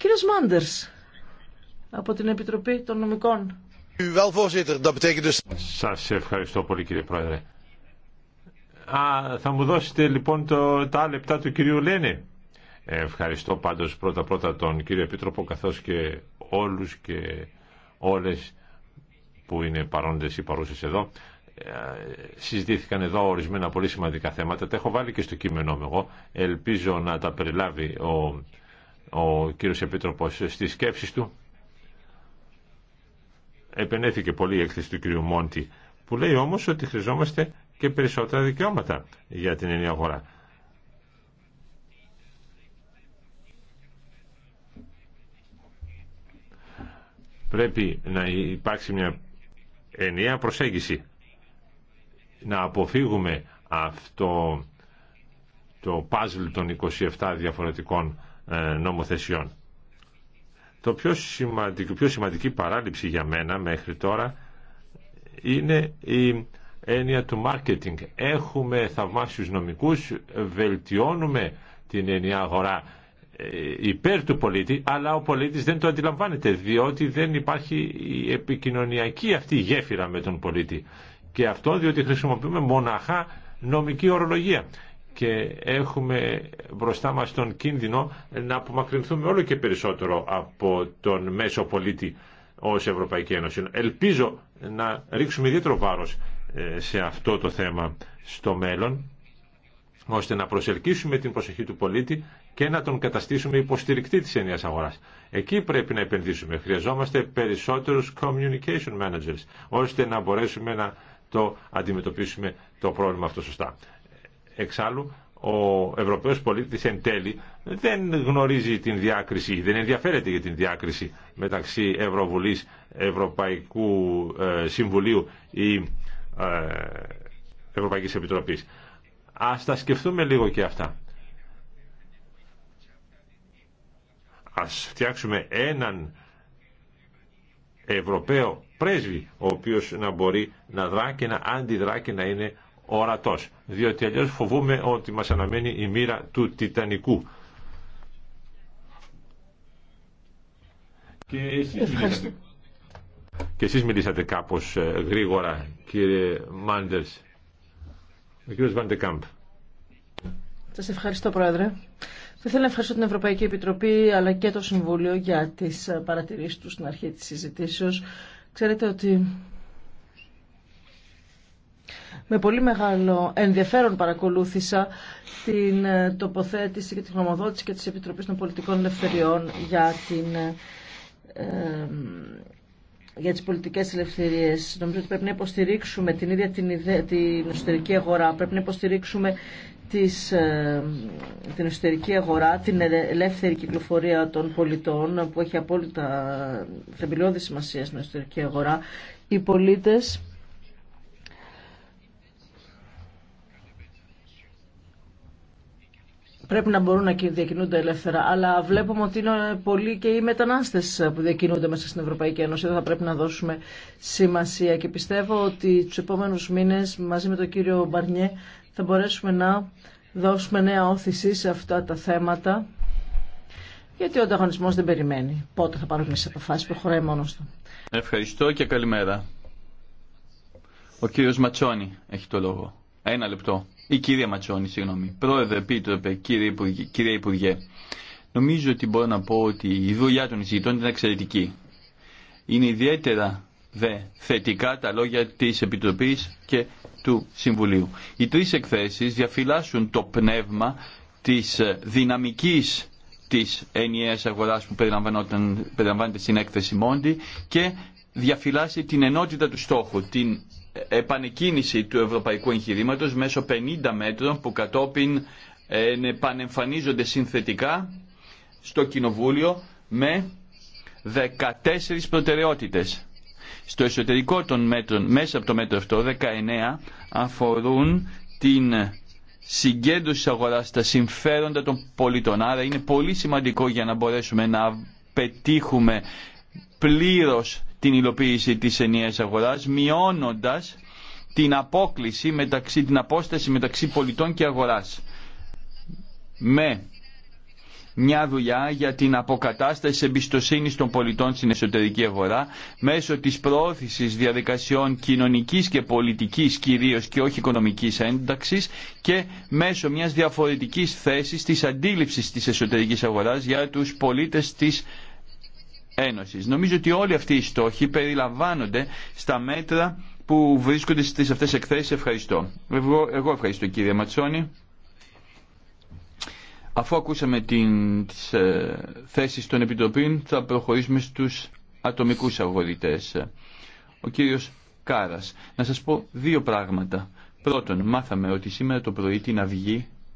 Speaker 2: Κύριος Μάντερς, από την Επιτροπή των Νομικών.
Speaker 1: Σας ευχαριστώ πολύ κύριε Πρόεδρε. Α, θα μου δώσετε λοιπόν το, τα λεπτά του κυρίου Λένε. Ευχαριστώ πάντως πρώτα πρώτα τον κύριο Επίτροπο καθώς και όλους και όλες που είναι παρόντες ή παρούσες εδώ. Ε, συζητήθηκαν εδώ ορισμένα πολύ σημαντικά θέματα. Τα έχω βάλει και στο κείμενό μου εγώ. Ελπίζω να τα περιλάβει ο ο κύριος Επίτροπος στις σκέψεις του επενέθηκε πολύ η έκθεση του κύριου Μόντι που λέει όμως ότι χρειαζόμαστε και περισσότερα δικαιώματα για την ενιαία αγορά. Πρέπει να υπάρξει μια ενιαία προσέγγιση να αποφύγουμε αυτό το παζλ των 27 διαφορετικών ε, νομοθεσιών. Το πιο σημαντικό, πιο σημαντική παράληψη για μένα μέχρι τώρα είναι η έννοια του marketing. Έχουμε θαυμάσιους νομικούς, βελτιώνουμε την ενιαία αγορά ε, υπέρ του πολίτη, αλλά ο πολίτης δεν το αντιλαμβάνεται, διότι δεν υπάρχει η επικοινωνιακή αυτή γέφυρα με τον πολίτη. Και αυτό διότι χρησιμοποιούμε μοναχά νομική ορολογία και έχουμε μπροστά μας τον κίνδυνο να απομακρυνθούμε όλο και περισσότερο από τον μέσο πολίτη ως Ευρωπαϊκή Ένωση. Ελπίζω να ρίξουμε ιδιαίτερο βάρος ε, σε αυτό το θέμα στο μέλλον ώστε να προσελκύσουμε την προσοχή του πολίτη και να τον καταστήσουμε υποστηρικτή της ενιαίας αγοράς. Εκεί πρέπει να επενδύσουμε. Χρειαζόμαστε περισσότερους communication managers, ώστε να μπορέσουμε να το αντιμετωπίσουμε το πρόβλημα αυτό σωστά. Εξάλλου, ο Ευρωπαίος πολίτης εν τέλει δεν γνωρίζει την διάκριση, δεν ενδιαφέρεται για την διάκριση μεταξύ Ευρωβουλής, Ευρωπαϊκού ε, Συμβουλίου ή ε, Ευρωπαϊκής Επιτροπής. Ας τα σκεφτούμε λίγο και αυτά. Ας φτιάξουμε έναν Ευρωπαίο πρέσβη, ο οποίος να μπορεί να δρά και να αντιδρά και να είναι ορατός. Διότι αλλιώς φοβούμε ότι μας αναμένει η μοίρα του Τιτανικού. Και εσείς, μιλήσατε. κάπως ε, γρήγορα, κύριε Μάντερς. Ο κύριος Βαντεκάμπ.
Speaker 2: Σας ευχαριστώ, Πρόεδρε. Θα ήθελα να ευχαριστώ την Ευρωπαϊκή Επιτροπή αλλά και το Συμβούλιο για τις ε, παρατηρήσεις του στην αρχή της συζητήσεως. Ξέρετε ότι με πολύ μεγάλο ενδιαφέρον παρακολούθησα την ε, τοποθέτηση και την γνωμοδότηση και της Επιτροπής των Πολιτικών Ελευθεριών για, την, ε, για τις πολιτικές ελευθερίες. Νομίζω ότι πρέπει να υποστηρίξουμε την ίδια την, ιδέα, την εσωτερική αγορά, πρέπει να υποστηρίξουμε της, ε, την εσωτερική αγορά, την ελεύθερη κυκλοφορία των πολιτών που έχει απόλυτα θεμελιώδη σημασία στην εσωτερική αγορά. Οι πολίτες πρέπει να μπορούν να διακινούνται ελεύθερα. Αλλά βλέπουμε ότι είναι πολλοί και οι μετανάστε που διακινούνται μέσα στην Ευρωπαϊκή Ένωση. Δεν θα πρέπει να δώσουμε σημασία. Και πιστεύω ότι του επόμενου μήνε μαζί με τον κύριο Μπαρνιέ θα μπορέσουμε να δώσουμε νέα όθηση σε αυτά τα θέματα. Γιατί ο ανταγωνισμό δεν περιμένει. Πότε θα πάρουμε τι αποφάσει που μόνο του.
Speaker 3: Ευχαριστώ και καλημέρα. Ο κύριος Ματσόνη έχει το λόγο. Ένα λεπτό. Η κυρία Ματσόνη, συγγνώμη. Πρόεδρε, επίτροπε, κύριε Υπουργέ, κύριε Νομίζω ότι μπορώ να πω ότι η δουλειά των εισηγητών είναι εξαιρετική. Είναι ιδιαίτερα δε θετικά τα λόγια της Επιτροπής και του Συμβουλίου. Οι τρεις εκθέσεις διαφυλάσσουν το πνεύμα της ε, δυναμικής της ενιαίας αγοράς που περιλαμβάνεται στην έκθεση Μόντι και διαφυλάσσει την ενότητα του στόχου, την επανεκκίνηση του ευρωπαϊκού εγχειρήματο μέσω 50 μέτρων που κατόπιν ε, επανεμφανίζονται συνθετικά στο Κοινοβούλιο με 14 προτεραιότητες. Στο εσωτερικό των μέτρων, μέσα από το μέτρο αυτό, 19 αφορούν την συγκέντρωση αγοράς στα συμφέροντα των πολιτών. Άρα είναι πολύ σημαντικό για να μπορέσουμε να πετύχουμε πλήρως την υλοποίηση της ενιαίας αγοράς, μειώνοντας την απόκληση μεταξύ, την απόσταση μεταξύ πολιτών και αγοράς. Με μια δουλειά για την αποκατάσταση εμπιστοσύνης των πολιτών στην εσωτερική αγορά μέσω της προώθησης διαδικασιών κοινωνικής και πολιτικής κυρίως και όχι οικονομικής ένταξης και μέσω μιας διαφορετικής θέσης της αντίληψης της εσωτερικής αγοράς για τους πολίτες της Νομίζω ότι όλοι αυτοί οι στόχοι περιλαμβάνονται στα μέτρα που βρίσκονται στις αυτές εκθέσεις. Ευχαριστώ. Εγώ, εγώ ευχαριστώ κύριε Ματσόνη. Αφού ακούσαμε την, τις ε, των επιτροπών θα προχωρήσουμε στου ατομικούς αγωγητέ. Ο κύριος Κάρας. Να σας πω δύο πράγματα. Πρώτον, μάθαμε ότι σήμερα το πρωί την Αυγή